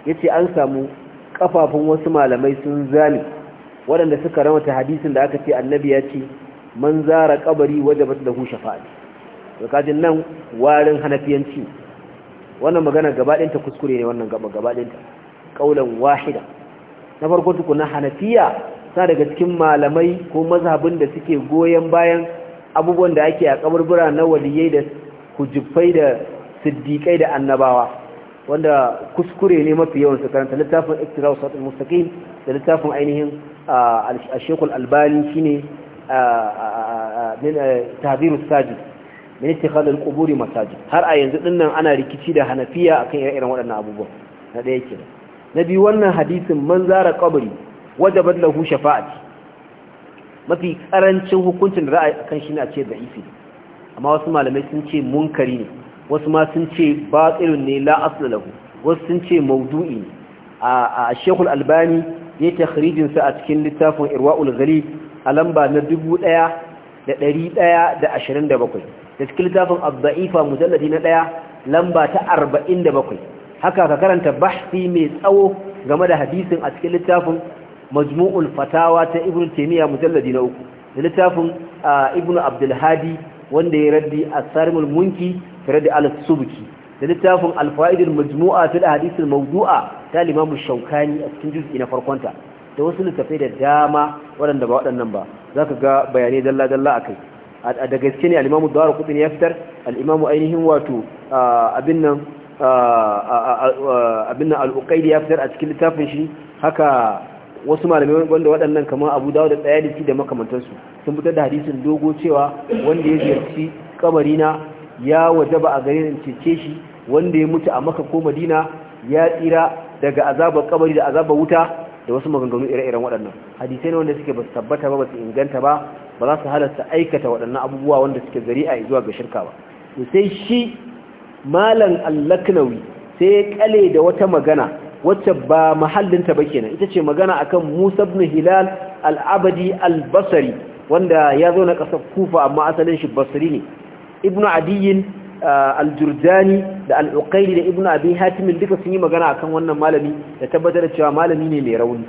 yace an samu kafafun wasu malamai sun zani waɗanda suka ramata hadisin da aka ce annabi ya ce man zara kabari wajabat lahu husha to kajin nan warin hanafiyanci wannan magana gabaɗin ta kuskure ne wannan gaba gabaɗin kaulan wahida na farko na hanafiya sa daga cikin malamai ko mazhabin da suke goyen bayan abubuwan da ake a kaburbura na waliyai da hujjufai da siddiƙai da annabawa wanda kuskure ne mafi yawan su karanta littafin iktiraus satul mustaqim da littafin ainihin al shekul albani shine min sajid min quburi masajid har a yanzu dinnan ana rikici da hanafiya akan irin waɗannan abubuwan na ɗaya kenan na biyu wannan hadisin man zara qabri wajabat lahu shafa'ati mafi karancin hukuncin da za a kan shi ne a ce da'ifi amma wasu malamai sun ce munkari ne wasu ma sun ce batsirin ne la asla wasu sun ce maudu'i ne a shekul albani ya takhrijin sa a cikin littafin irwa ghalib a lamba na dubu 1127 da da da ashirin cikin littafin abba'ifa mujalladi na ɗaya lamba ta bakwai haka ka karanta bashi mai tsawo game da hadisin a cikin littafin majmu'ul fatawa ta ibn taimiyya mujalladi na uku da littafin ibn abdulhadi wanda ya raddi a sarimul munki ta raddi al da littafin alfa'idin majmu'a ta da maudu'a mawdua ta limamun shaukani a cikin juz'i na farkonta da wasu littafai da dama waɗanda ba waɗannan ba za ka ga bayanai dalla-dalla a kai a da gaske ne alimamu dawar kudin ya fitar alimamu ainihin wato abin nan da ya fitar a cikin littafin shi haka wasu malamai wanda waɗannan kamar abu dawo da tsayalisi da makamantansu sun fitar da hadisin dogo cewa wanda ya ziyarci kamarina ya wajaba a garin cece shi wanda ya mutu a maka ko madina ya tsira daga azabar kabari da azabar wuta da wasu maganganu ire-iren waɗannan hadisai ne wanda suke ba su tabbata ba ba su inganta ba ba za su halasta aikata waɗannan abubuwa wanda suke zari a zuwa ga shirka ba to sai shi malam allaknawi sai ya kale da wata magana wacce ba mahallinta ba kenan ita ce magana akan musa ibn hilal al-abadi al-basri wanda ya zo na ƙasar kufa amma asalin shi basri ne ibnu adiyin al da al da ibnu abin hatimin duka sun yi magana akan wannan malami da tabbatar da cewa malami ne mai rauni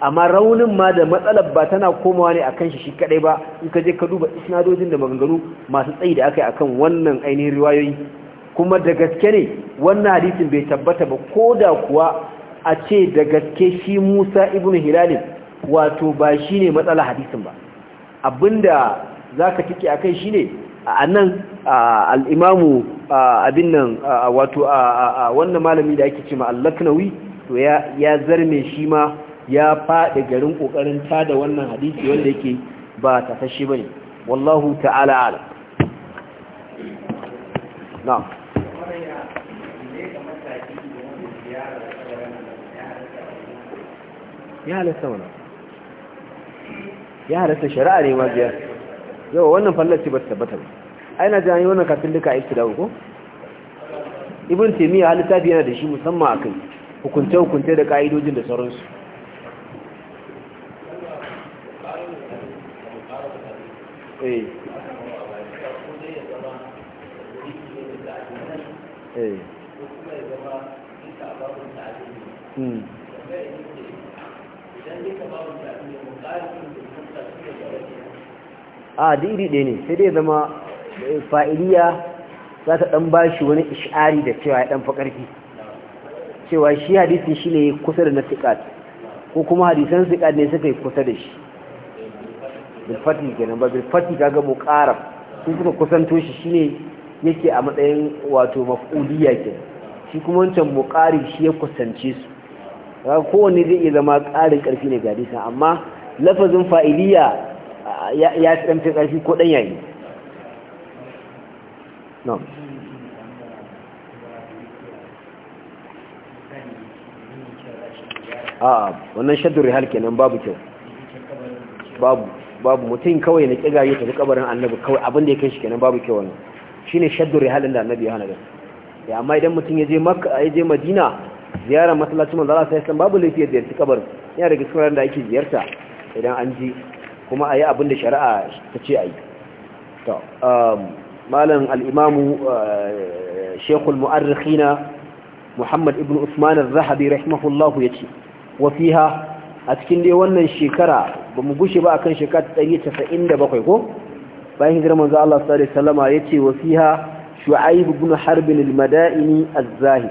amma raunin ma da matsalar ba tana komawa ne akan shi shi kadai ba in ka je ka duba isnadojin da maganganu masu tsayi da aka yi akan wannan ainihin riwayoyi kuma da gaske ne wannan hadisin bai tabbata ba ko da kuwa a ce da gaske shi Musa ibn Hilal wato ba shi ne matsalar hadisin ba abinda zaka tike akai shine a nan al'imamu abin nan wato a wannan malami da ake cima, ma allaknawi to ya zarme shi ma ya faɗi garin ƙoƙarin tada wannan hadisi wanda yake ba ta fashe ba ne wallahu ta'ala ala na ya halasta wana ya shari'a ne ma biyar yau wannan fallaci ba ta tabbata ba aina jani wannan kafin duka aiki da ko ibn taymiya ta yana da shi musamman akan hukunce hukunce da kaidojin da sauransu eh. eh. hmm. a ah, da iri ɗaya ne sai dai zama fa'iliya za ta ɗan ba shi wani ishari da cewa ya ɗan faƙarfi cewa shi hadisi shi ne kusa da na siƙat ko kuma hadisan siƙat ne suka yi kusa da shi bilfati kenan ba bilfati kaga gabo ƙara sun suka kusanto shi shi ne yake a matsayin wato maf'uliya ke shi kuma wancan muƙari shi ya kusance su kowanne zai iya zama ƙarin ƙarfi ne ga hadisin amma lafazin fa'iliya ya fi ƙarfi ko ɗan yayi نعم a wannan shaddu rihal kenan babu kyau babu babu mutum kawai na kiga ya tafi kabarin annabi kawai abin da ya kai shi kenan babu kyau wannan shine shaddu Rihal da annabi ya hana da ya amma idan mutum ya je makka ya je madina ziyara masallacin manzo Allah sai san babu lafiya ziyarci kabarin yana da cikin da ake ziyarta idan an ji kuma ayi abin da shari'a ta ce ayi to um malam al'imamu eh, shekul mu'arrikhina muhammad ibn usman al-zahabi rahimahullahu ya ce wafiha a cikin dai wannan shekara ba mu gushe ba akan shekara 197 ko bayan hijirar manzo Allah sallallahu alaihi wasallama yace wafiha shu'aib ibn harb al-madaini az-zahid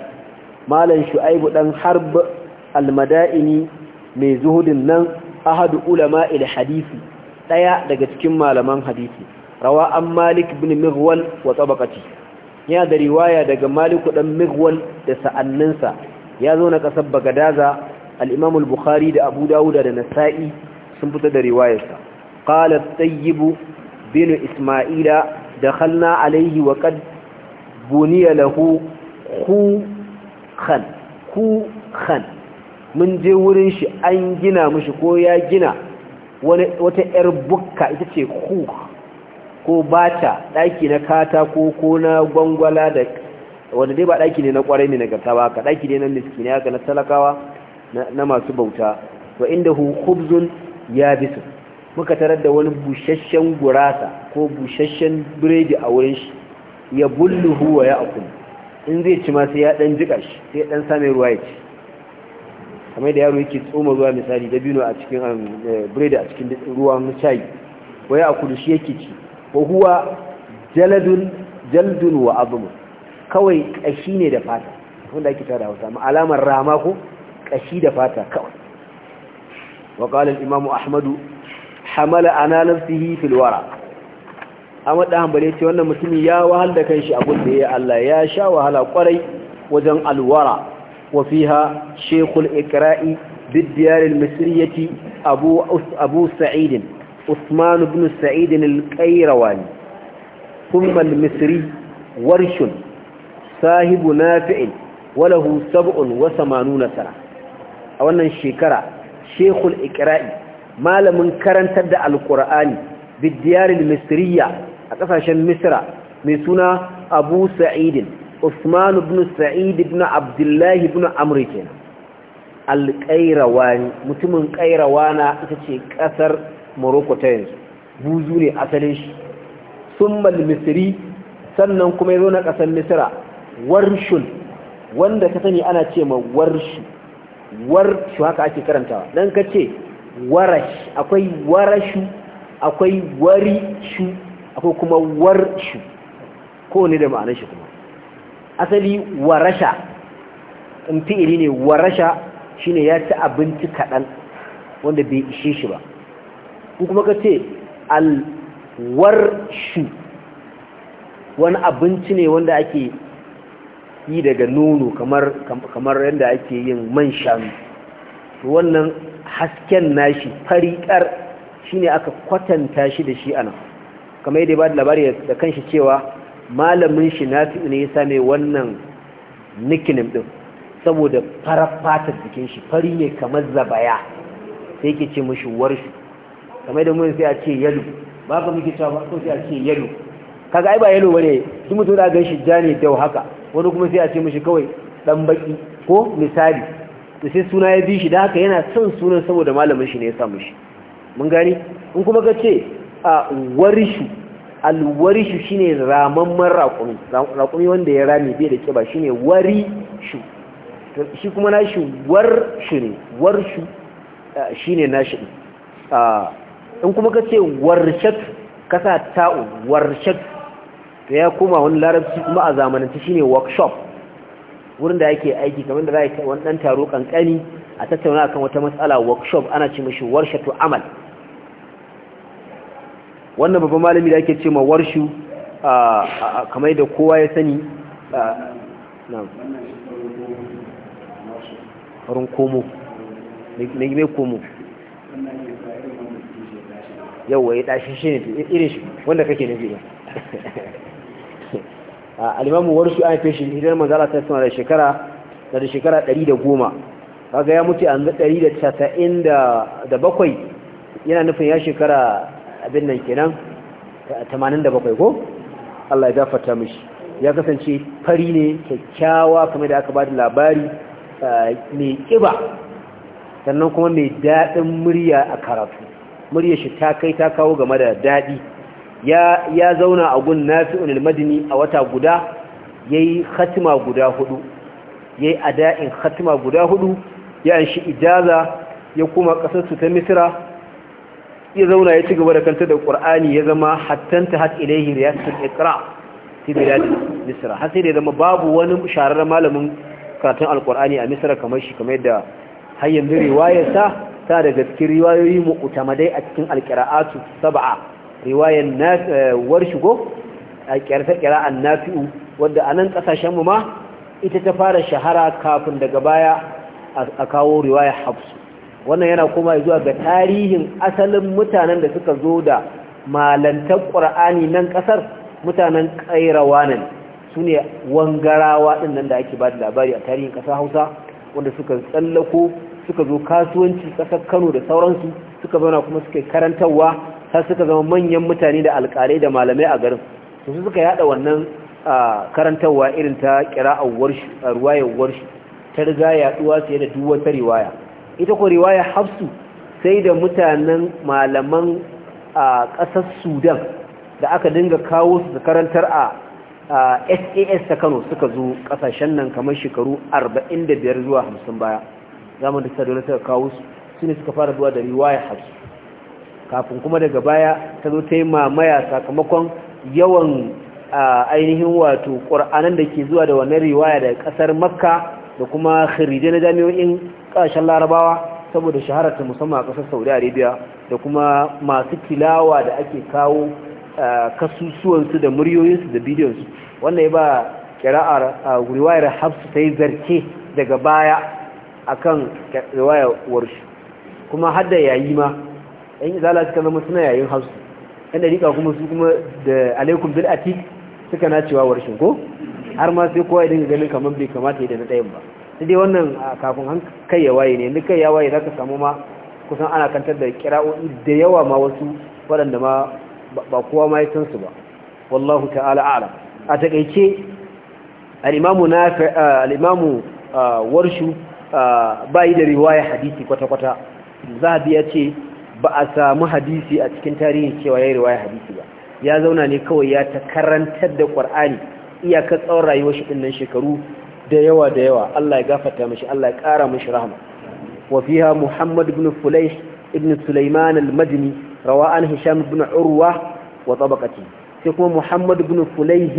malan shu'aib dan harb al-madaini mai zuhudin nan ahadu ulama al-hadisi daya daga cikin malaman hadisi rawa an malik bin mirwal wa tsabakaci ya da riwaya daga maliku dan mirwal da sa'anninsa ya zo na kasar bagadaza al’imamul bukhari da abu dawuda da nasa'i sun fita da riwayarsa ƙalar tsayyibu bin isma'ila halna alaihi wa qad buniya lahu khan mun je wurin shi an gina mashi ko ya gina wata ‘yar bukka ita ce kuk ko bata ɗaki na katako ko na gwangwala da wanda dai ba ɗaki ne na ƙwarai ne nagarta ba ka ɗaki ne na miski ne haka na talakawa na masu bauta wa inda hu khubzun ya bisu muka tarar da wani busasshen gurasa ko busasshen biredi a wurin shi ya bulluhu wa ya'kul in zai ci ma sai ya dan jika shi sai dan same ruwa ya ci kamar da yaro yake tsoma ruwa misali da bino a cikin eh, biredi a cikin ruwan shayi wa ya akul shi yake ci Ohuwa jaladun jaldun wa azmun kawai kashi ne da fata wanda ake alamar rama ko kashi da fata kawai wa imam hamala ana nafsihi fil wara Ahmad dan hanbali ce wannan mutumin ya wahal da kanshi abun da Allah ya sha wahala kwarai wajen alwara wa fiha shaykhul ikra'i bid diyar al-misriyati abu abu عثمان بن سعيد القيرواني ثم المصري ورش صاحب نافع وله سبع وثمانون سنة أولا الشيكرة شيخ الإكرائي ما لم كرن تدع القرآن بالديار المصرية أكثر مصر من سنة أبو سعيد عثمان بن سعيد بن عبد الله بن أمريكين alƙairawa mutumin ƙairawa na ita ce ƙasar morocco ta yanzu buzu ne asalin shi summal misri sannan kuma ya zo na ƙasar misira warshun wanda ka sani ana ce ma warshi warshi haka ake karantawa dan ka ce warash akwai warashu akwai warishu akwai kuma warshu ko ne da ma'anar shi kuma asali warasha in fi'ili ne warasha shine ya ci abinci kaɗan wanda bai ishe shi ba ko kuma ka ce shi wani abinci ne wanda ake yi daga nono kamar yadda ake yin man shanu wannan hasken nashi fariƙar shine aka kwatanta shi da shi anan kamar yadda ba da labari da kanshi cewa malamin shi fi ne ya same wannan nickname din saboda farafatar jikin shi fari ne kamar zabaya sai ke ce mashi warshi kamar da mun sai a ce yalo ba ka muke cewa ba ko sai a ce yalo kaga ai ba yalo bane duk mutum da ga shi ja ne dau haka wani kuma sai a ce mishi kawai dan baki ko misali to sai suna ya bi shi da haka yana son sunan saboda malamin shi ne ya sa mishi mun gani in kuma ka ce a warishu alwarishu shine ramamman raƙumi raƙumi wanda ya rame bai da kiba shine warishu shi kuma nashi warshu ne warshu shine nashi a in kuma ka ce warshat kasa ta'u warshat da ya koma wani larabci kuma a zamanance shine workshop wurin da yake aiki kamar da za wani dan taro kankani a tattauna kan wata matsala workshop ana ce mishi warshatu amal wannan babban malami da ake ce ma warshu kamar da kowa ya sani farin komo komo yau waye dashi shi ne irin shi wanda kake nufi ne alimamu warsu an fi shi hijirar manzala ta suna da shekara da da shekara 110 kaga ya mutu an 197 yana nufin ya shekara abin nan kenan 87 ko Allah ya gafarta mishi ya kasance fari ne kyakkyawa kamar da aka ba da labari eh, mai kiba sannan kuma mai daɗin murya a karatu muryar shi ta kai ta kawo game da dadi ya zauna a gun nafi'un al-madini a wata guda yayi khatima guda hudu yayi ada'in khatima guda hudu ya anshi ijaza ya kuma kasar ta misra ya zauna ya ci gaba da kanta da qur'ani ya zama hattanta hat ilaihi riyasul iqra fi bilad misra har sai da zama babu wani sharar malamin karatun Alƙur'ani a misra kamar shi kamar yadda har yanzu riwayarsa ta da gaske riwayoyi mu'tamadai a cikin alqira'atu sab'a riwayan nas eh, a alqira'at qira'an nafi'u wanda anan kasashen mu ma ita ta fara shahara kafin daga baya a kawo riwaya hafsu wannan yana kuma zuwa ga tarihin asalin mutanen da suka zo da malantar ƙur'ani nan ƙasar mutanen ƙairawa nan su ne wangarawa ɗin nan da ake ba da labari a tarihin ƙasar hausa wanda suka tsallako suka zo kasuwanci tsakar kano da sauransu suka zauna kuma suka karantarwa ta suka zama manyan mutane da alƙalai da malamai a garin su suka yada wannan karantarwa irin ta ƙira'ar ruwayar warshi ta riga yaduwa su da duk wata riwaya ita ko riwaya hafsu sai da mutanen malaman a ƙasar sudan da aka dinga kawo su karantar a sas ta kano suka zo ƙasashen nan kamar shekaru 45 zuwa 50 baya zaman da sadar ta kawo su su ne suka fara zuwa da riwaya hafsu kafin kuma daga baya ta zo ta mamaya sakamakon yawan ainihin wato ƙur'anan da ke zuwa da wannan riwaya daga ƙasar makka da kuma khirije na jami'o'in ƙasashen larabawa saboda shahararta musamman a ƙasar saudi arabia da kuma masu tilawa da ake kawo kasusuwansu da muryoyinsu da bidiyonsu wannan ya ba kira'ar riwayar hafsu ta yi zarce daga baya akan riwaya warshi kuma har da yayi ma yan izala suka zama suna yayin hausu yan dariƙa kuma su kuma da alaikum bil atik suka na cewa warshin ko har ma sai kowa ya dinga ganin kamar bai kamata yi da na ɗayan ba sai dai wannan kafin an kai ya waye ne ni kai ya waye zaka samu ma kusan ana kantar da kira'o'i da yawa ma wasu waɗanda ma ba kowa ma ya san su ba wallahu ta'ala a'lam a takeice al-imamu nafi al-imamu warshu yi da riwaya hadisi kwata-kwata zahabi ya ce ba a samu hadisi a cikin tarihin cewa ya yi riwaya hadisi ba ya zauna ne kawai ya ta karantar da ƙwar'ani iyakar tsawon rayuwar shi ɗin shekaru da yawa da yawa Allah ya gafarta mashi Allah ya ƙara mashi rahama wa fiha Muhammad ibn Fulayh ibn Sulaiman al-Madini rawa an Hisham ibn Urwa wa tabaqati sai kuma Muhammad ibn Fulayh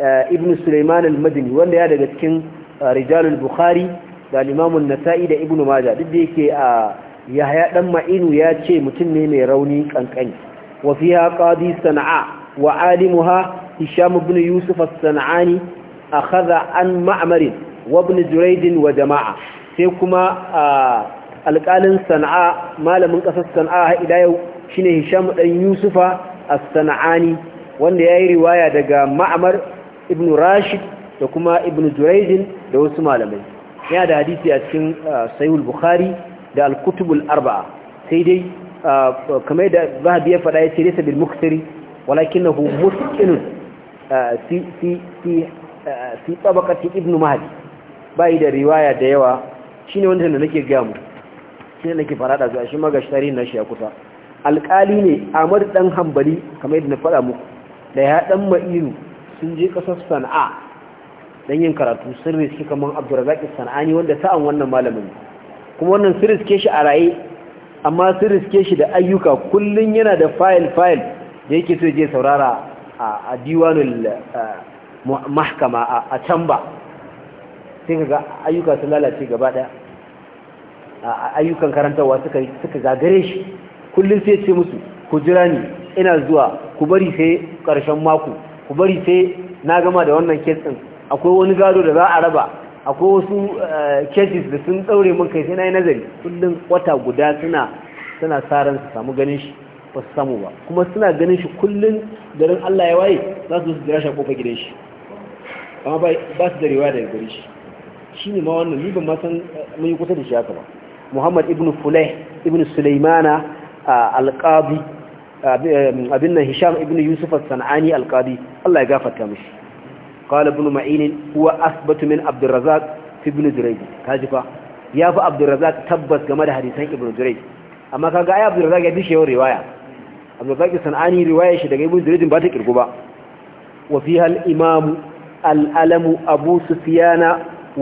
eh, ibn Sulaiman al-Madini wanda ya daga cikin eh, rijalul Bukhari da limamun nasa'i da ibnu maja duk da yake a yahya dan ma'inu ya ce mutum ne mai rauni kankani wa fiha qadi sana'a wa alimuha hisham ibn yusuf as-sana'ani akhadha an ma'mar wa ibn jurayd wa jama'a sai kuma alƙalin sana'a malamin ƙasar sana'a ila yau shine hisham dan yusufa as-sana'ani wanda yayi riwaya daga ma'mar ibn rashid da kuma ibn jurayd da wasu malamai ya da hadisi a cikin sayul bukhari da al-kutubul arba'a sai dai kamar da zahabi ya faɗa ya ce nesa bil muktari walakinahu muskinun fi fi ibnu mahdi bai da riwaya da yawa shine wanda da nake ga mu shine nake farada zuwa shi maga tarihi na shi ya kusa alƙali ne Ahmad dan Hanbali kamar yadda na faɗa muku da ya dan ma'inu sun je kasar Sana'a dan yin karatu sun riske kamar abdurrazak sana'ani wanda sa'an wannan malamin kuma wannan sirri riske shi a raye amma sirri riske shi da ayyuka kullum yana da fayil fayil da yake so je saurara a diwanul mahkama a can ba sai kaga ayyuka sun lalace gaba daya ayyukan karantarwa suka suka gagare shi kullun sai ce musu ku jira ni ina zuwa ku bari sai karshen mako ku bari sai na gama da wannan kes din akwai wani gado da za a raba akwai wasu eh, cases da sun daure mun kai sai na yi nazari kullum wata guda suna suna saran su samu ganin shi ba su samu ba kuma suna ganin shi kullum garin Allah ya waye za su su jira shi gidan shi amma ba su da daga gari shi shi ne ma wannan ni ban ma san eh, mun yi kusa da shi haka ba Muhammad ibn Fulai ibn Sulaimana eh, alƙadi abin nan Hisham ibn Yusuf Sana'ani sanani al Allah ya gafarta mishi قال ابن معين هو أثبت من عبد الرزاق في ابن جريج كاجفا يا عبد الرزاق تبس game da hadisan ibn jurayj amma kaga ai abdul razak ya bi shewar riwaya abdul razak sanani riwaya shi daga ibn jurayj ba ta kirgo ba wa fiha al imam al alam abu sufyan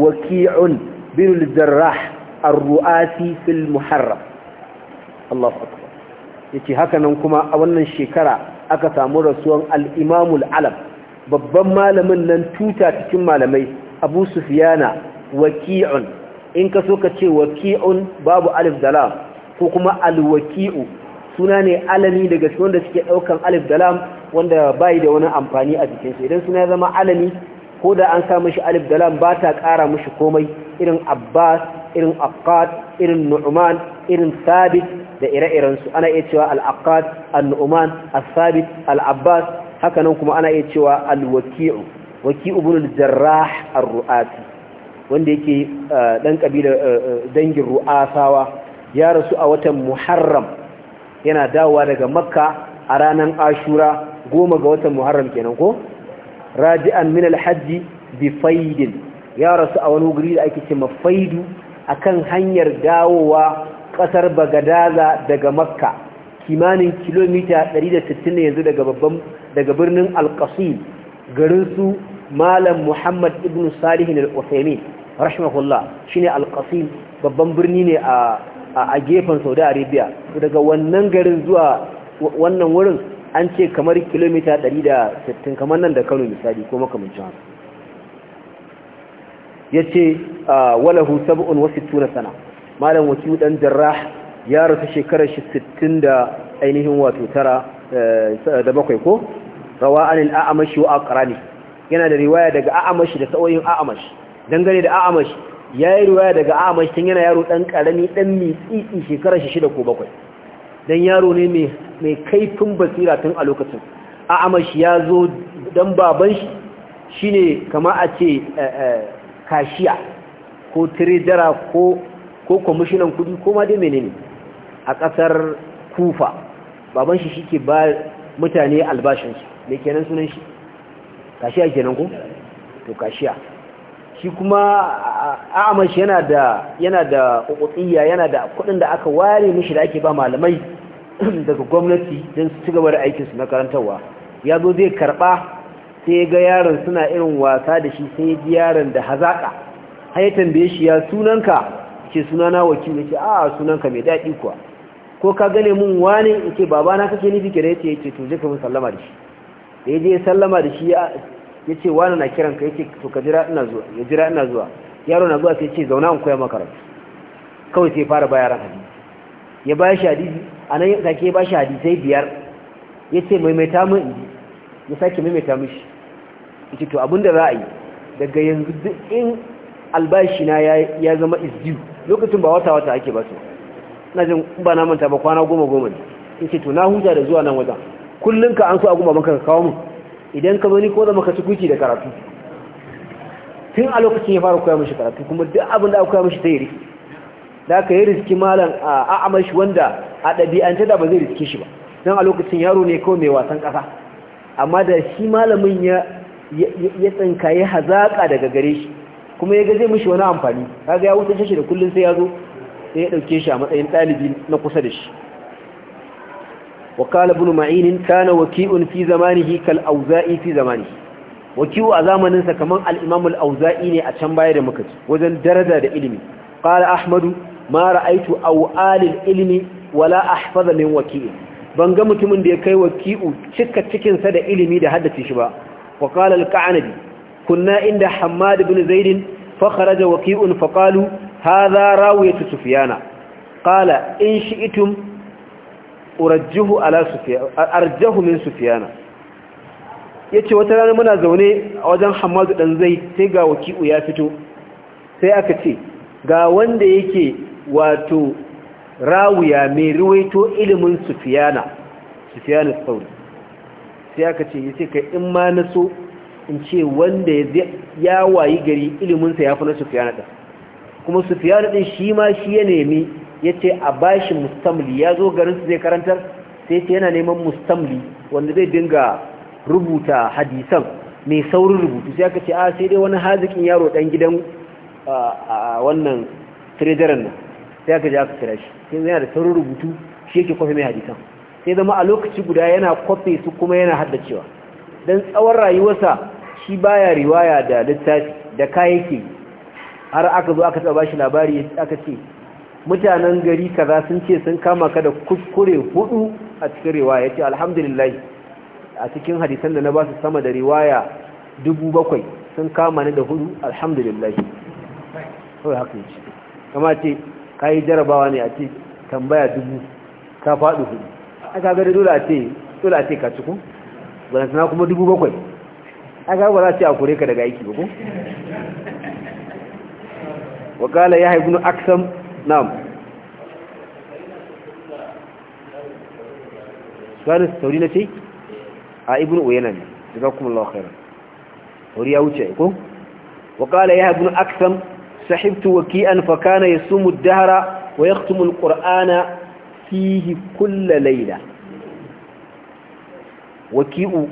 waqi'un bin al ru'asi fil muharram Allahu akbar kuma a wannan shekara aka samu rasuwan al imamul alam babban malamin nan tuta cikin malamai abu sufiyana waki'un in ka so ka ce waki'un babu alif dalam ko kuma alwaki'u suna ne alami daga cikin wanda suke daukan alif dalam wanda bai da wani amfani a jikinsu idan suna zama alami ko da an sa mishi alif dalam ba ta kara mishi komai irin abbas irin aqad irin nu'man irin sabit da ire-irensu ana iya cewa al aqad an-nu'man as-sabit al-abbas haka nan kuma ana iya cewa al-waki'u waki ibn al-jarrah ar ruati wanda yake eh, dan kabila eh, eh, dangin ru'asawa ya rasu a watan muharram yana dawowa daga makka a ranar ashura goma ga watan muharram kenan ko raji'an min al-hajji bi faidin ya rasu a wani guri da ake cewa faidu akan hanyar dawowa kasar bagadaza daga makka kimanin kilomita 160 ne yanzu daga birnin alkasil garin su malam muhammad ibn salihin al-uthaymin rahimahullah shine alkasil babban birni ne a gefen saudi arabia daga wannan garin zuwa wannan wurin an ce kamar kilomita 160 kamar nan da kano misali ko makamancin haka ya ce ah, walahu sab'un wasu tuna sana malam wakilu dan jarrah ya rasu shekarar shi sittin da ainihin wato tara eh, da bakwai ko rawa anil a'amashi wa aqrani yana da riwaya daga a'amashi da sauyin a'amashi dangane da a'amashi yayi riwaya daga a'amashi tun yana yaro dan karami dan mitsitsi shekarar shi shida ko bakwai dan yaro ne mai mai kaifin basira tun a lokacin a'amashi ya zo dan baban shi shine kama a ce eh, eh, kashiya ko tiridara ko ko kwamishinan kudi ko ma dai menene a ƙasar kufa baban shi shike ba mutane albashinsu me kenan sunan shi kashiya kenan ko to kashiya shi kuma a'amash yana da yana da kokotiyya yana da kuɗin da aka ware mishi da ake ba malamai daga gwamnati don su ci gaba da aikinsu na karantarwa ya zo zai karɓa, sai ga yaron suna irin wasa da shi sai ji yaron da hazaƙa. da ya tambaye shi ya sunanka ke sunana ya ce a ah, sunanka mai daɗi kuwa ko ka gane mun wane baba babana kake nufi kira yace yace to je ka mun sallama da shi da yaje ya sallama da shi yace wani na kiran ka yace to ka jira ina zuwa ya jira ina zuwa yaro na zuwa sai yace zauna in koya maka rabu kawai sai fara bayar hadisi ya ba shi hadisi anan sake ke ba shi hadisai biyar yace maimaita mun ya sake maimaita mishi yace to abinda za a yi daga yanzu duk in albashi na ya zama is lokacin ba wata wata ake ba su na jin ba na manta ba kwana goma goma ne yake to na huta da zuwa nan wajen kullum ka an so a goma maka ka kawo mu idan ka zo ni ko zama ka ci kuci da karatu tun a lokacin ya fara koya mishi karatu kuma duk abin da aka koya mishi sai da aka yi riski malam a amashi wanda a ɗabi'ance da ba zai riske shi ba don a lokacin yaro ne kawai mai wasan ƙasa amma da shi malamin ya ya tsinkaye hazaƙa daga gare shi kuma ya ga zai mishi wani amfani kaga ya wuce shi da kullum sai ya zo sai ya dauke shi a matsayin dalibi na kusa da shi wakala ibn ma'in kana waki'un fi zamanihi kal auza'i fi zamanihi waki'u a zamanin sa kaman al imam auza'i ne a can baya da muka ci wajen daraja da ilimi qala Ahmadu ma ra'aytu aw alil ilmi wala ahfaz min waki'in banga mutumin da ya kai waki'u cika cikinsa da ilimi da haddace shi ba wakala al ka'anabi kunna inda hammad ibn zaid fa kharaja waki'un fa qalu هذا راوية سفيانا قال إن شئتم أرجه على سفيانا أرجه من سفيانا yace wata rana muna zaune a wajen Hammadu dan zai sai ga wakiu ya fito sai aka ce ga wanda yake wato rawuya mai ruwaito ilimin Sufiyana Sufiyana Sauri sai aka ce yace kai in ma na so in ce wanda ya wayi gari ilimin sa yafi na Sufiyana din kuma sufiyanu ɗin shi ma shi ya nemi ya ce a bashi mustamli ya zo garinsu zai karantar sai ce yana neman mustamli wanda zai dinga rubuta hadisan mai saurin rubutu sai aka ce a ah, sai dai wani hazikin yaro dan gidan wannan trejaran nan sai aka ji aka kira shi sai yana da saurin rubutu shi yake kwafi mai hadisan sai zama a lokaci guda yana kwafe su kuma yana haddacewa don tsawon rayuwarsa shi baya riwaya da littafi da kayayyaki har aka zo aka taba shi labari aka ce mutanen gari kaza sun ce sun kama ka da kuskure hudu a cikin riwaya yace alhamdulillah a cikin hadisan da na ba su sama da riwaya dubu bakwai sun kama ni da hudu alhamdulillah kawai haka yace kama ce yi jarabawa ne a ce tambaya dubu ka fadu hudu aka gari dole a ce dole a ce ka ciku balantana kuma dubu bakwai a gaba za a ce a kore ka daga aiki ba ko وقال يحيى بن أكسم نعم سؤال الثوري نتي ابن أوينا جزاكم الله خيرا ثوري أوتعكم وقال يحيى بن أكسم سحبت وكيئا فكان يصوم الدهر ويختم القرآن فيه كل ليلة waki'u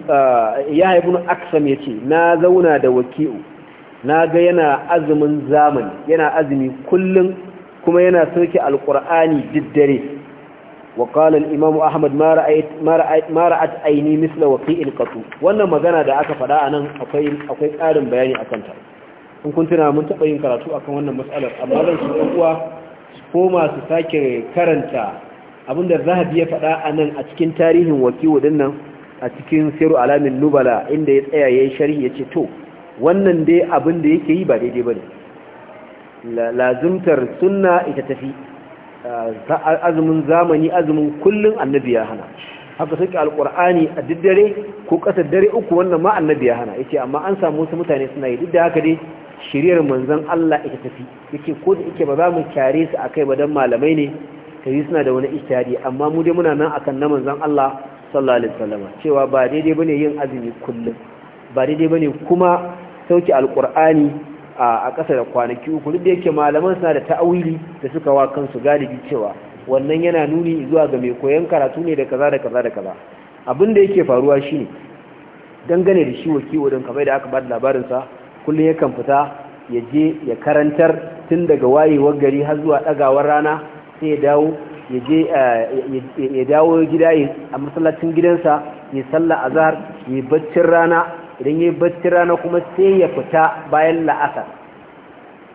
ya haibu na aksam ya ce na zauna da waki'u na ga yana azumin zamani yana azumi kullum kuma yana sauke alƙur'ani diddare wa qala al-imam ahmad mara ra'ayt ma ra'at wa misla waqi'il qatu wannan magana da aka faɗa anan akwai akwai ƙarin bayani akan ta in kun tuna mun taɓa yin karatu akan wannan matsalar amma zan su uwa su koma su sake karanta abinda zahabi ya faɗa a nan a cikin tarihin wakiwu dinnan a cikin siru alamin nubala inda ya tsaya ya sharhi ya ce to wannan dai abin da yake yi ba daidai ba ne lazumtar sunna ita tafi azumin zamani azumin kullum annabi ya hana haka suke alkur'ani a duk dare ko ƙasar dare uku wannan ma annabi ya hana ya ce amma an samu wasu mutane suna yi duk da haka dai shiriyar manzon Allah ita tafi yake ko da yake ba za mu kyare su akai ba dan malamai ne kai suna da wani ijtihadi amma mu dai muna nan akan na manzan Allah sallallahu alaihi wasallam cewa ba daidai bane yin azumi kullum ba daidai bane kuma sauki alkur'ani a ƙasa da kwanaki uku duk da yake malaman suna da ta'awili da suka wa kansu galibi cewa wannan yana nuni zuwa ga mai koyon karatu ne da kaza da kaza da kaza abin da yake faruwa shine dangane da shi wakiwo don kamar da aka ba da labarinsa kullum yakan fita ya je ya karantar tun daga wayewar gari har zuwa ɗagawar rana sai ya dawo ya je ya dawo gida a masallacin gidansa ya sallah azhar ya baccin rana idan yayi yi bacci rana kuma sai ya fita bayan la'asar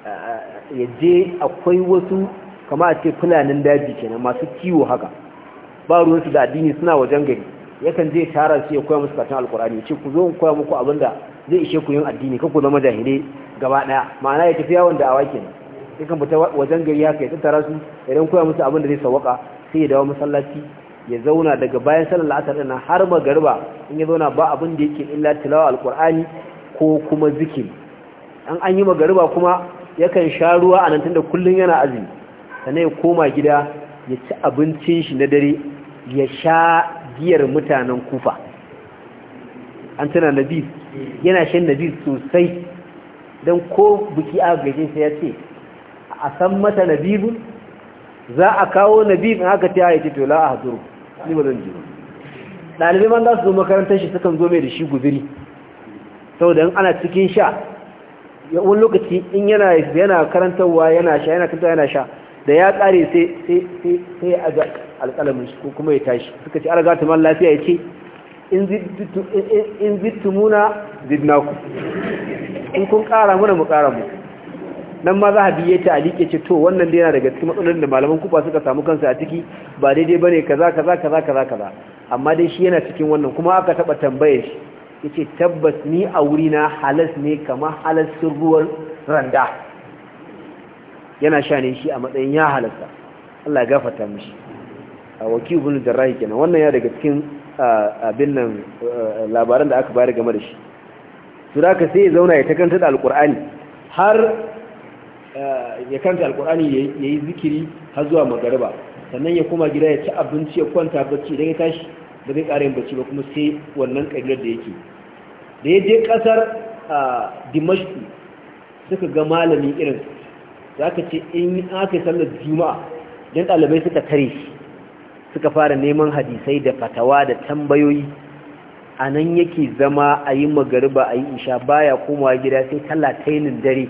eh, ya je akwai wasu kama a ce fulanin daji kenan masu kiwo haka ba ruwansu da addini suna wajen gari yakan je tara su ya koya musu katon alkur'ani ya ce ku zo in koya muku abin zai ishe ku yin addini kan ku zama jahilai gaba daya ma'ana ya tafi yawon da'awa kenan yakan fita wajen gari haka ya tattara su idan koya musu abin da zai sawaka sai ya dawo masallaci ya zauna daga bayan sallar la'asar ɗana har magariba in ya zauna ba abin da yake illa tilawa Alƙur'ani ko kuma Zikin an an yi magariba kuma yakan sha ruwa a nan tunda kullum yana azumi sannan ya koma gida ya ci abincin shi na dare ya sha giyar mutanen kufa an tana Nabis yana shan Nabis sosai don ko buki aka gaje sai ya ce a san mata nabibu za a kawo nabibu in aka ta ya titola a hazuru ni ba zan ji ba ɗalibai man za su zo makarantar shi sukan zo mai da shi guziri saboda ana cikin sha wani lokaci in yana yana karantarwa yana sha yana karantarwa yana sha da ya ƙare sai ya ga alƙalamin shi ko kuma ya tashi suka ce alaga ta man lafiya ya ce in muna zidnaku in kun ƙara muna mu ƙara mu nan ma a ya ta alike ce to wannan da yana daga cikin matsalolin da malaman kufa suka samu kansu a ciki ba daidai bane kaza kaza kaza kaza kaza amma dai shi yana cikin wannan kuma aka taba tambaye shi yace tabbas ni a wuri na halas ne kamar halas ruwan randa yana sha ne shi a matsayin ya halasta Allah ya gafarta mishi a waki ibn jarrahi kenan wannan ya daga cikin abin nan labaran da aka bayar game da shi to da ka sai ya zauna ya takanta da alqur'ani har ya kanta alkur'ani ya yi zikiri har zuwa magariba sannan ya koma gida ya ci abinci ya kwanta bacci idan ya tashi da zai ƙara yin bacci ba kuma sai wannan ƙabilar da yake da ya je ƙasar dimashku suka ga malami irin za ka ce in aka yi sallar juma'a don ɗalibai suka tare shi suka fara neman hadisai da fatawa da tambayoyi a nan yake zama a yi magariba a yi isha baya komawa gida sai talatainin dare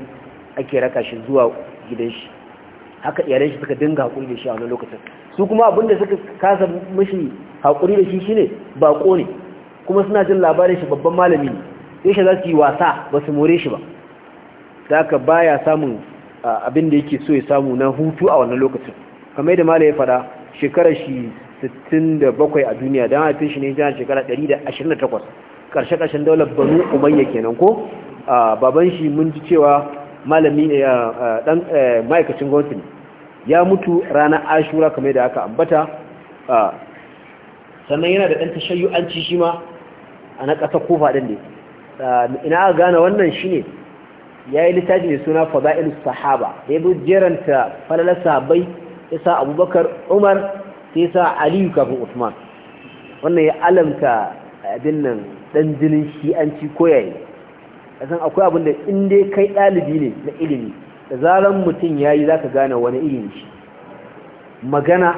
ake raka shi zuwa gidan shi haka iyalan shi suka dinga haƙuri da shi a wani lokacin su kuma abinda suka kasa mashi hakuri da shi shine baƙo ne kuma suna jin labarin shi babban malami ne yaushe za su yi wasa ba su more shi ba da baya samun abin da yake so ya samu na hutu a wannan lokacin kamar da malai ya faɗa shekarar shi 67 a duniya don haifin shi ne jihar shekara 128 ƙarshe-ƙarshen daular banu umayya kenan ko baban shi mun ji cewa malami ne eh, dan eh, ma'aikacin gwamnati ne ya mutu rana ashura kamar da aka ambata sannan yana da ɗan tashayyu'anci shi ma a na ƙasa kofa ɗin ne ina gane wannan shi ne ya yi littafi mai suna fada'il sahaba da ya bi jeranta falalar sahabai ya sa abubakar umar sai sa aliyu kafin usman wannan ya alamta abin nan ɗan jinin shi'anci ko kasan akwai abin da in dai kai ɗalibi ne na ilimi da zaran mutum ya yi za ka gane wani ilimi shi magana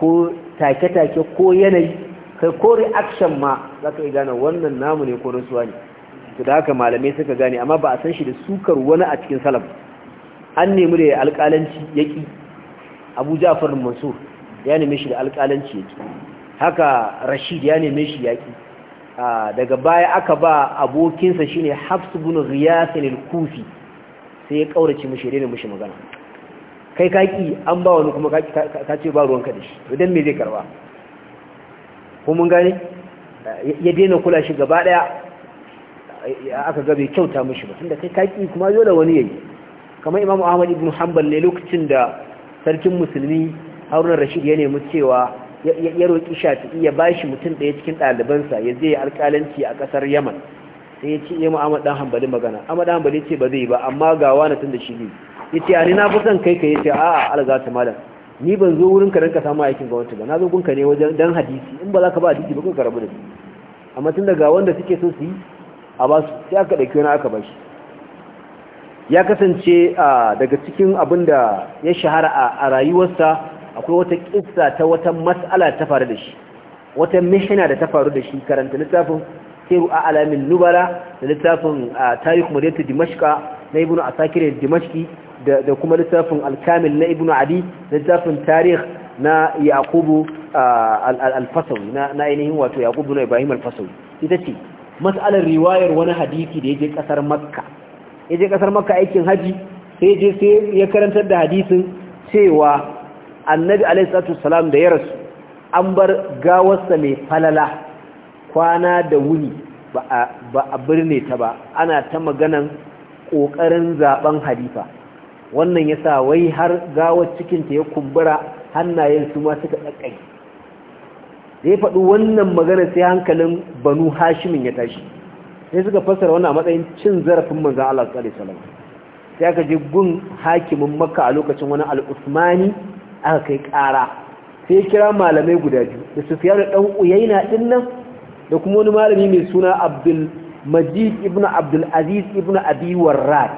ko take-take ko yanayi kai ko reaction ma za ka yi gane wannan namu ne ko rasuwa ne su da haka malamai suka gane amma ba a san shi da sukar wani a cikin Salam. an nemi da alƙalanci yaƙi abu ja'far mansur ya nemi shi da alƙalanci yaƙi haka rashid ya nemi shi yaƙi daga baya aka ba abokinsa shine hafsu ibn Ghiyas al-Kufi sai ya kaurace mishi da mashi magana kai kaki an ba wani kuma ka ce ba ruwanka da shi dan me zai karba kuma mun gane ya daina kula shi gaba daya aka ga bai kyauta mashi ba tunda kai kaki kuma yola wani yayi kamar Imam Ahmad ibn Hanbal ne lokacin da sarkin musulmi harunan Rashid ya nemi cewa ya roƙi shafi'i ya bashi mutum ɗaya cikin ɗalibansa ya je alƙalanci a ƙasar yaman sai ya ce ya mu amma ɗan hambali magana amma ɗan hambali ce ba zai ba amma ga wani tun da shi ne ya ce ani na fi son kai ka ya ce a'a alga ta malam ni ban zo wurin ka ranka samu aikin gwamnati ba na zo gunka ne wajen dan hadisi in ba za ka ba hadisi ba ka rabu da su amma tun daga wanda suke so su yi a ba su sai aka ɗauki wani aka ba shi ya kasance daga cikin abin da ya shahara a rayuwarsa akwai wata kisa ta wata mas'ala ta faru da shi wata mihina da ta faru da shi karanta littafin siru a alamin nubala da littafin tarikh madinatu dimashqa na ibnu asakir dimashqi da kuma littafin alkamil na ibnu adi da littafin tarikh na Yakubu al na ainihin wato Yakubu na ibrahim al ita ce mas'alar riwayar wani hadisi da je kasar makka je kasar makka aikin haji sai ya karantar da hadisin cewa annabi alaihi salam da ya rasu an bar gawarsa mai falala kwana da wuni ba a birne ta ba ana ta maganan ƙoƙarin zaben halifa wannan ya sa wai har gawar cikinta ya kumbura hannayen su ma suka tsakai da ya faɗi wannan magana sai hankalin banu hashimin ya tashi sai suka fassara wannan a matsayin cin zarafin manzan Allah sai aka je gun hakimin makka a lokacin wani al-usmani aka kai ƙara sai kira malamai guda biyu da sufiyar ɗan uyaina ɗin nan da kuma wani malami mai suna abdul majid ibn abdul aziz ibn abi warrad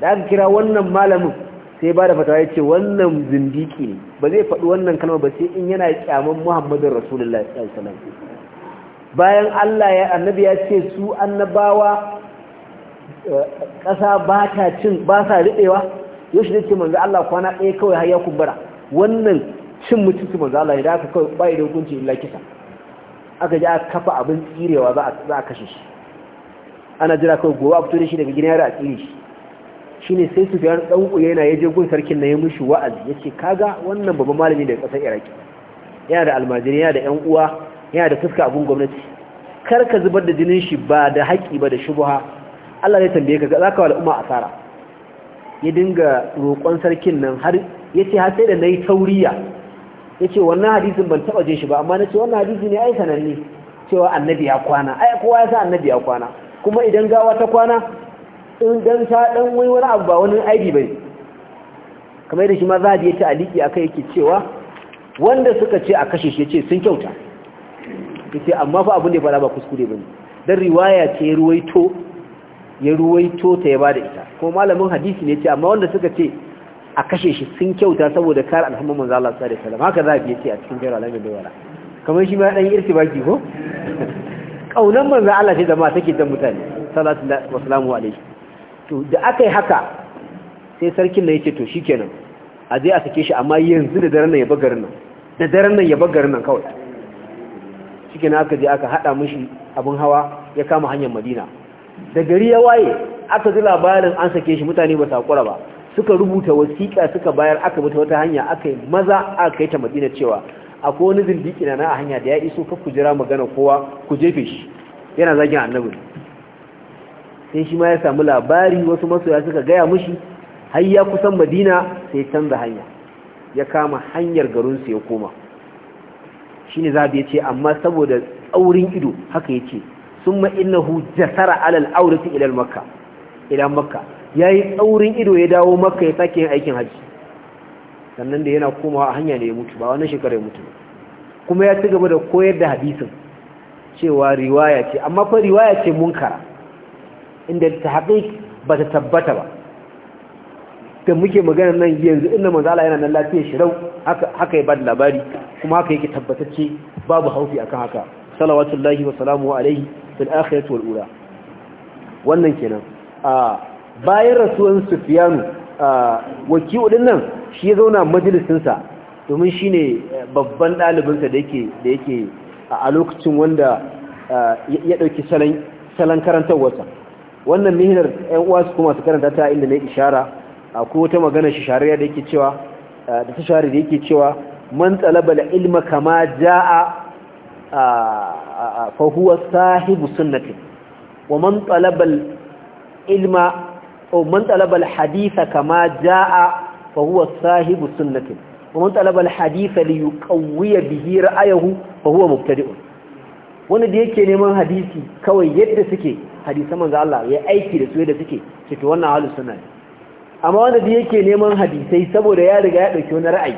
da aka kira wannan malamin sai ba da fatawa ya ce wannan zindiki ne ba zai faɗi wannan kalma ba sai in yana kyaman muhammadin rasulullah sallallahu bayan allah ya annabi ya ce su annabawa eh, ƙasa ba ta cin ba sa riɗewa yaushe shi ce manzo Allah kwana ɗaya kawai har ya kumbura wannan cin mutunci manzo Allah ne da aka kawai bai da hukunci illa kisa aka ji aka kafa abin tsirewa za a kashe shi ana jira kawai gobe a fito da shi daga gina yara a tsire shi shine sai su fiyan dan uku yana yaje gun sarkin na ya mushi wa'azi yace kaga wannan babban malami daga kasar Iraki yana da almajiri yana da yan uwa yana da fuska abun gwamnati kar ka zubar da jinin shi ba da haƙi ba da shubuha Allah zai tambaye ka zaka wa al'umma asara ya dinga roƙon sarkin nan har ya ce har sai da na yi tauriya ya ce wannan hadisin ban taɓa jin shi ba amma na ce wannan hadisun ne ai sananne cewa annabi ya kwana ai kowa ya sa annabi ya kwana kuma idan gawa ta kwana in dan ta dan wai wani abu ba wani aibi bai kamar da shi ma zahabi ya ta aliki akai yake cewa wanda suka ce a kashe shi ya ce sun kyauta ya ce amma fa abin da ya faɗa ba kuskure ba ne dan riwaya ce ruwaito ya ruwaito ta ya bada ita ko malamin hadisi ne ce amma wanda suka ce a kashe shi sun kyauta saboda kar alhamman manzo Allah sallallahu alaihi wasallam haka za ya ce a cikin jira lamin dawala kamar shi ma dan irsi baki ko kaunan manzo Allah ce jama'a take da mutane sallallahu alaihi wasallam to da akai haka sai sarkin ne yake to shikenan a zai a sake shi amma yanzu da daren nan ya bagarin nan da daren nan ya bagarin nan kawai shikenan aka je aka hada mishi abun hawa ya kama hanyar Madina da gari ya waye aka ji labarin an sake shi mutane ba takura ba suka rubuta wasiƙa suka bayar aka mutu wata hanya aka yi maza aka yi ta madina cewa akwai wani zindiki na a hanya da ya iso ka kujera magana kowa ku jefe shi yana zagin annabi sai shi ma ya samu labari wasu masoya suka gaya mushi har ya kusan madina sai canza hanya ya kama hanyar garinsu ya koma shi ne ya ce amma saboda tsaurin ido haka ya ce summa innahu jasara alal aurati ila makka ila makka yayi tsaurin ido ya dawo makka ya sake yin aikin haji sannan da yana komawa a hanya ne ya mutu ba wannan shekarar ya mutu kuma ya ci gaba da koyar da hadisin cewa riwaya ce amma fa riwaya ce munkara inda ta haƙiƙ ba ta tabbata ba da muke magana nan yanzu inda manzala yana nan lafiyar rau haka ya bada labari kuma haka yake tabbatacce babu haufi akan haka salawatullahi wa salamu alaihi fil akhirati wal ula wannan kenan a bayan rasuwan sufyan wakiu din nan shi ya zauna majalisin sa domin shine eh, babban dalibin sa da yake da yake a lokacin wanda ya dauki salon karantar wasa. wannan mihinar ƴan uwa su kuma su karanta ta inda na ishara ko wata magana shi shari'a da yake cewa da ta shari'a da yake cewa man talaba ilma kama jaa fa huwa sahibu sunnati wa man talaba ilma aw man talaba haditha kama jaa fa huwa sahibu sunnati wa man talaba haditha li yuqawwiya bihi ra'ayahu fa huwa mubtadi'un wanda da yake neman hadisi kawai yadda suke hadisan manzo Allah ya aiki da su yadda suke ce to wannan halu sunna amma wanda da yake neman hadisi saboda ya riga ya dauki wani ra'ayi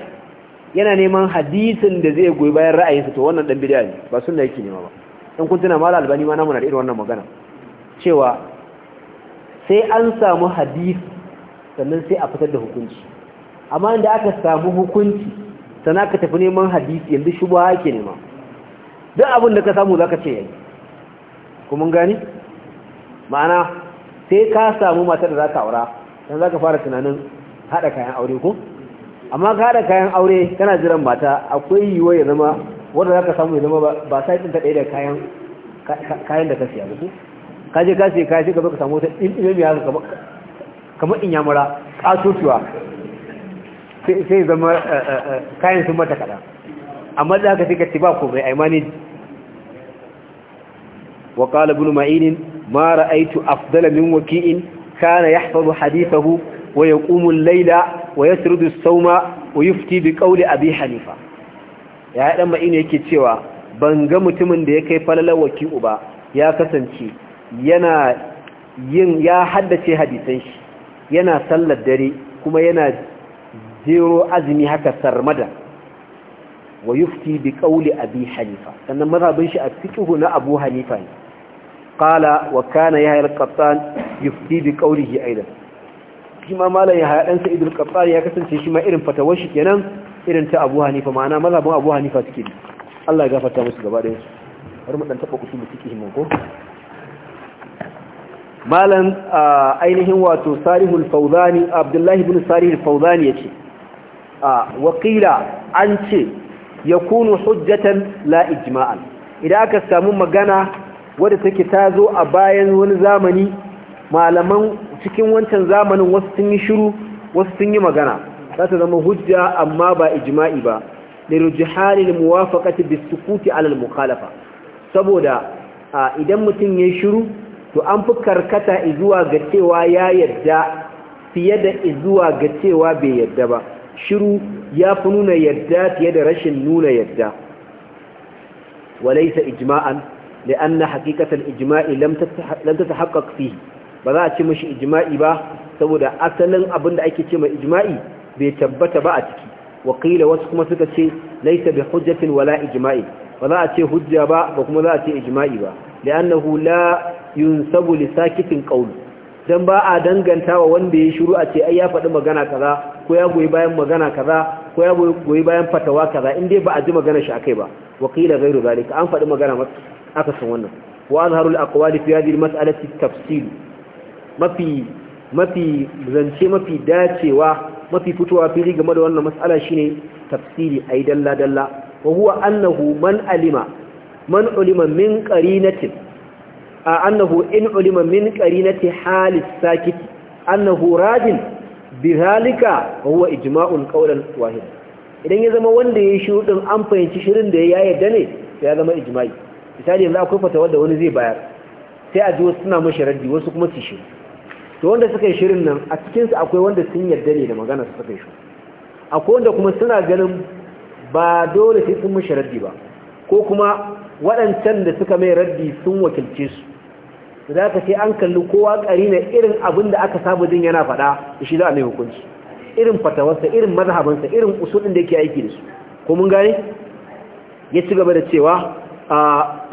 yana neman hadisin da zai goyi bayan ra'ayinsa to wannan dan bid'a ne ba sunna yake nema ba in kun tuna mala albani ma na muna da irin wannan magana cewa sai an samu hadisi sannan sai a fitar da hukunci amma inda aka samu hukunci sana ka tafi neman hadisi yanzu shubha yake nema duk abin da ka samu zaka ce yayi kuma gani ma'ana sai ka samu matar da zaka aura dan zaka fara tunanin hada kayan aure ko amma ka da kayan aure kana jiran mata akwai yiwuwa ya zama wanda za ka samu ya zama ba sai ɗin da kayan da ka siya ba ka je ka siya kayan shiga ka samu din ɗin ya haka kamar in mara ƙasusuwa sai zama eh, eh, eh, kayan sun mata kaɗan amma da haka ka tika tiba ko mai aimani wa qala ibn ma'in ma ra'aytu afdala min waki'in kana yahfazu hadithahu wa yaqumu al-layla wa yasrudu sauma wa yufti bi qawli abi hanifa ya ma'ina yake cewa ban ga mutumin da ya kai falalar waki'u ba ya kasance yana yin ya haddace hadisan shi yana sallar dare kuma yana jero azumi haka sarmada wa yufti bi qawli sannan mazhabin shi a fiqhu na abu hanifa ne qala wa kana yahya al-qattan bi shi ma malam ya haɗan sa idul qattari ya kasance shi ma irin fatawar shi kenan irin ta Abu Hanifa ma'ana mazhabin Abu Hanifa suke Allah ya gafarta musu gaba da su har mu dan taba usul fiqh mun ko malam ainihin wato Salihul Fawzani Abdullah ibn Salih fawzani yace wa qila an ce yakunu hujjatan la ijma'an idan aka samu magana wadda take ta zo a bayan wani zamani malaman cikin wancan zamanin wasu sun yi shiru wasu sun yi magana za ta zama hujja amma ba ijma'i ba da rujihanin muwafaqati bisukuti alal mukhalafa saboda idan mutum ya shiru to an fi karkata izuwa ga cewa ya yarda fiye da izuwa ga cewa bai yarda ba shiru ya fi nuna yarda fiye da rashin nuna yarda walaisa ijma'an لأن حقيقة الإجماع لم تتحقق فيه ba za a ce mashi ijima'i ba saboda asalin abin da ake ce mai ijima'i bai tabbata ba a ciki wakila wasu kuma suka ce laisa bi hujjatin wala ijma'i ba za a ce hujja ba ba kuma za a ce ijima'i ba li'annahu la yunsabu li sakitin qawl dan ba a wa wanda ya shiru a ce ai ya faɗi magana kaza ko ya goyi bayan magana kaza ko ya goyi bayan fatawa kaza in dai ba a ji magana shi akai ba wakila ghairu zalika an faɗi magana aka san wannan wa azharul aqwali fi hadhihi al-mas'alati tafsil mafi zance mafi dacewa mafi fitowa fili game da wannan matsala shine tafsiri ai dalla dalla wa huwa annahu man alima man ulima min a annahu in ulima min qarinati halis sakit annahu rajin bidhalika huwa ijma'un qawlan wahid idan ya zama wanda ya yi shudin an fahimci shirin da ya yarda ne ya zama ijma'i misali yanzu akwai fatawa da wani zai bayar sai a ji wasu suna mashi raddi wasu kuma su to wanda suka yi shirin nan a cikinsu akwai wanda sun yarda ne da magana suka yi shirin akwai wanda kuma suna ganin ba dole sai sun mishi raddi ba ko kuma waɗancan da suka mai raddi sun wakilce su da ka sai an kalli kowa ƙari na irin abin da aka saba jin yana faɗa shi za a mai hukunci irin fatawarsa irin mazhabansa irin usulin da yake aiki da su ko mun gane ya ci gaba da cewa ah,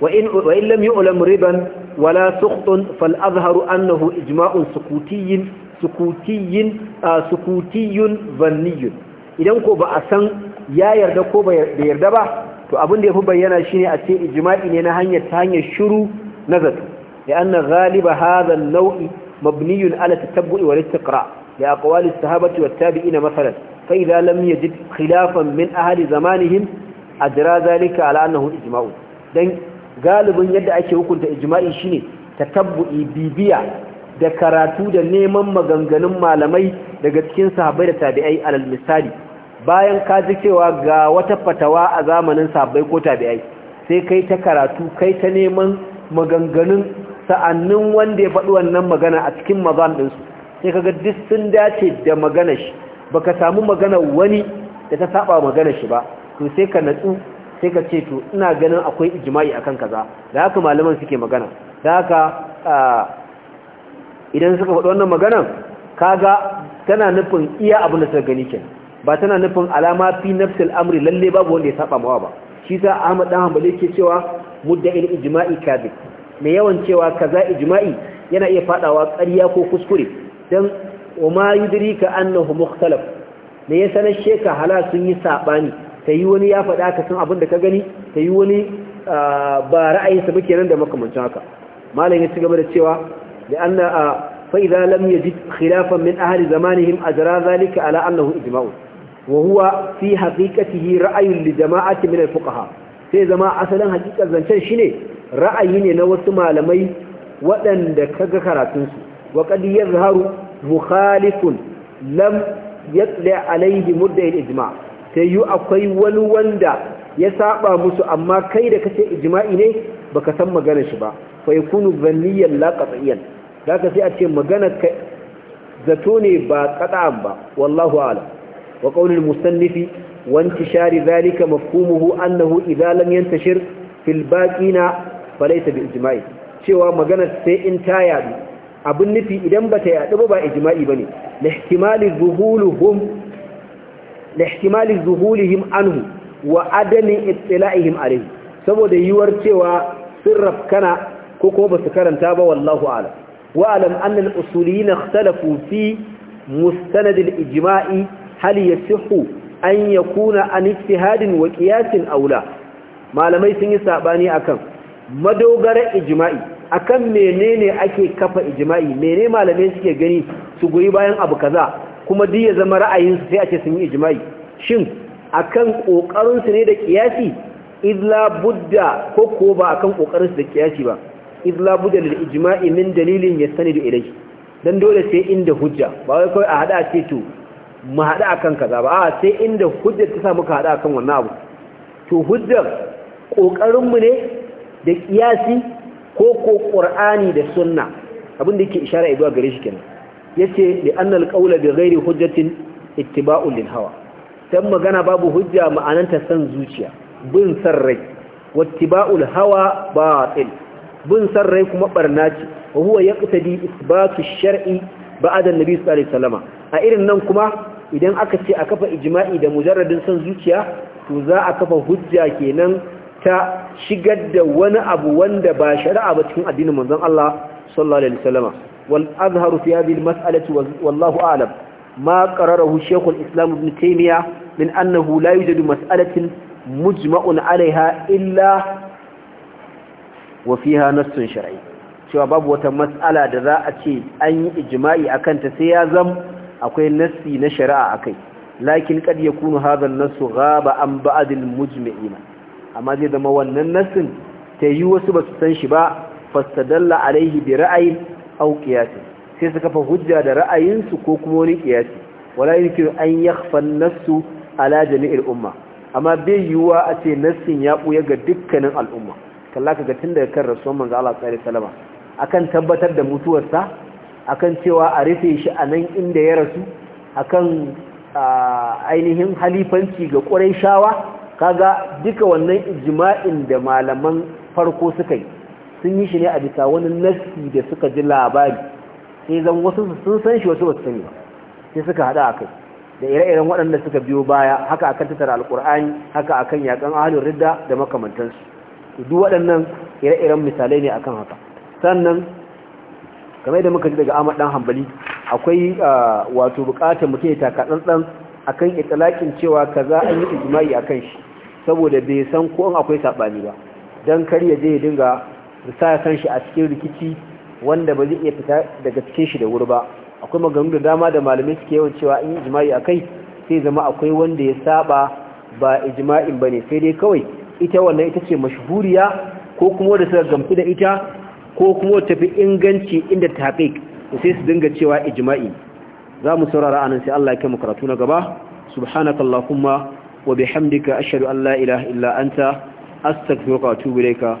وإن, وإن لم يؤلم ربا ولا سخط فالأظهر أنه إجماع سكوتي سكوتي سكوتي ظني idan ko ba a san ya yarda ko bai yarda ba to abin da yafi bayyana shine a ce ijma'i ne na hanyar ta hanyar shiru na zato ya anna ghaliba hadha an-naw'i mabniyun ala tatabbu'i wa istiqra li aqwali as-sahabati wat-tabi'ina masalan fa idha lam yajid khilafan min ahli zamanihim a dhalika ala annahu ijma'u dan galibin yadda ake hukunta ijma'i shine tatabbu'i bibiya da karatu da neman maganganun malamai daga cikin sahabbai da tabi'ai alal misali bayan ka ji cewa ga wata fatawa a zamanin sahabbai ko tabi'ai sai kai ta karatu kai ta neman maganganun sa'annin wanda ya faɗi wannan magana a cikin mazan su sai kaga duk sun dace da maganar shi baka samu maganar wani da ta saba maganar shi ba to sai ka natsu sai ka ce to ina ganin akwai ijma'i akan kaza da haka malaman suke magana da haka idan suka faɗi wannan magana kaga tana nufin iya abu na suka gani kenan ba tana nufin alama fi nafsil amri lalle babu wanda ya saba mawa ba shi sa Ahmad dan Hanbali yake cewa mudda'il ijma'i kadhib mai yawan cewa kaza ijma'i yana iya fadawa ƙarya ko kuskure dan wa ma yudrika annahu mukhtalaf me ya na sheka hala sun yi sabani ta yi wani ya faɗa ka san abin da ka gani ta yi wani ba ra'ayinsa ba kenan da makamancin haka malam ya ci gaba da cewa da an na fa'iza lam ya ji khilafan min ahali zamanihim a jara zalika ala annahu ijma'u wa huwa fi haqiqatihi ra'ayun li jama'ati min al-fuqaha sai zama asalin haqiqar zancen shine ra'ayi ne na wasu malamai waɗanda kaga su wa qad yazharu mukhalifun lam yatla alayhi mudda al-ijma' sai yi akwai wani wanda ya saba musu amma kai da kace ijma'i ne baka san magana shi ba fa yakunu zanniyan la qat'iyan daga sai a ce magana kai zato ne ba qat'an ba wallahu a'lam wa qawlul musannifi wa intishari dhalika mafhumuhu annahu idza lam yantashir fil baqina falaysa bi ijma'i cewa magana sai in ta yadu abin nufi idan bata yadu ba ba ijma'i bane la ihtimali zuhuluhum lihtimali zuhulihim anhu wa adamin ittila'ihim saboda yiwar cewa sirraf kana ko ba basu karanta ba wallahu ala. wa alam anna al-usuliyin ikhtalafu fi mustanad al-ijma'i hal yasihu an yakuna an ijtihadin wa qiyasin aw malamai sun yi sabani akan madogara ijma'i akan menene ake kafa ijma'i menene malamai suke gani su goyi bayan abu kaza kuma duk ya zama ra'ayin su sai a ce sun yi ijima'i. shin akan ƙoƙarinsu ne da kiyasi illa budda ko ko ba akan kokarinsu da kiyasi ba illa budda lil ijma'i min dalilin yastanidu ilayhi dan dole sai inda hujja ba wai kai a hada ce to mu hada akan kaza ba a sai inda hujja ta sa muka hada akan wannan abu to hujjar kokarin ne da ƙiyasi ko ko qur'ani da sunna abin da yake isharar zuwa gare shi kenan yace ce anna annal qawla bi ghairi hujjatin ittiba'un lil hawa dan magana babu hujja ma'ananta san zuciya bin san rai wattiba'ul hawa batil bin san rai kuma barna ce wa huwa yaqtadi isbatu shari ba'da nabi sallallahu alaihi wasallama a irin nan kuma idan aka ce a kafa ijma'i da mujarradin san zuciya to za a kafa hujja kenan ta shigar da wani abu wanda ba shari'a ba cikin addinin manzon Allah sallallahu alaihi wasallama والأظهر في هذه المسألة والله أعلم ما قرره شيخ الإسلام ابن تيمية من أنه لا يوجد مسألة مجمع عليها إلا وفيها نص شرعي cewa babu wata mas'ala da za a ce an yi ijma'i a kanta sai ya zam akwai nassi na shari'a a kai lakin kad ya kunu hadhan nassu ghaba an ba'd mujmi'ina amma zai zama wannan nassin ta yi wasu ba su san shi ba fastadalla alaihi bi ra'ayin au qiyasin sai suka kafa hujja da ra'ayinsu ko kuma wani qiyasi wala yumkin an yakhfa nafsu ala jami'il umma amma bai yiwuwa a ce nassin ya buya ga dukkanin al'umma kalla kaga tun daga kan rasulun manzo Allah sallallahu alaihi wasallam akan tabbatar da mutuwarsa akan cewa a rufe shi anan inda ya rasu akan ainihin halifanci ga shawa kaga duka wannan ijma'in da malaman farko suka yi sun yi shi ne a bisa wani nassi da suka ji labari sai zan wasu sun san shi wasu wasu sani sai suka hada a kai da ire-iren waɗanda suka biyo baya haka akan tattara alkur'ani haka akan yakan ahalin ridda da makamantansu duk waɗannan ire-iren misalai ne akan haka sannan kamar da muka ji daga Ahmad hambali akwai ah, wato bukatar mutum ya taka tsantsan akan italakin cewa kaza an yi ijma'i akan shi saboda bai san ko an akwai saɓani ba dan kar ya je ya dinga da sa shi a cikin rikici wanda ba zai iya fita daga cikin shi da wuri ba akwai maganganu da dama da malamai suke yawan cewa in ijma'i akai sai zama akwai wanda ya saba ba ijma'in bane sai dai kawai ita wannan ita ce mashhuriya ko kuma wanda suka gamsu da ita ko kuma tafi inganci inda ta taqiq sai su dinga cewa ijma'i za mu saurara anan sai Allah ya kai mu karatu na gaba allahumma wa bihamdika ashhadu an la ilaha illa anta astaghfiruka wa atubu ilayka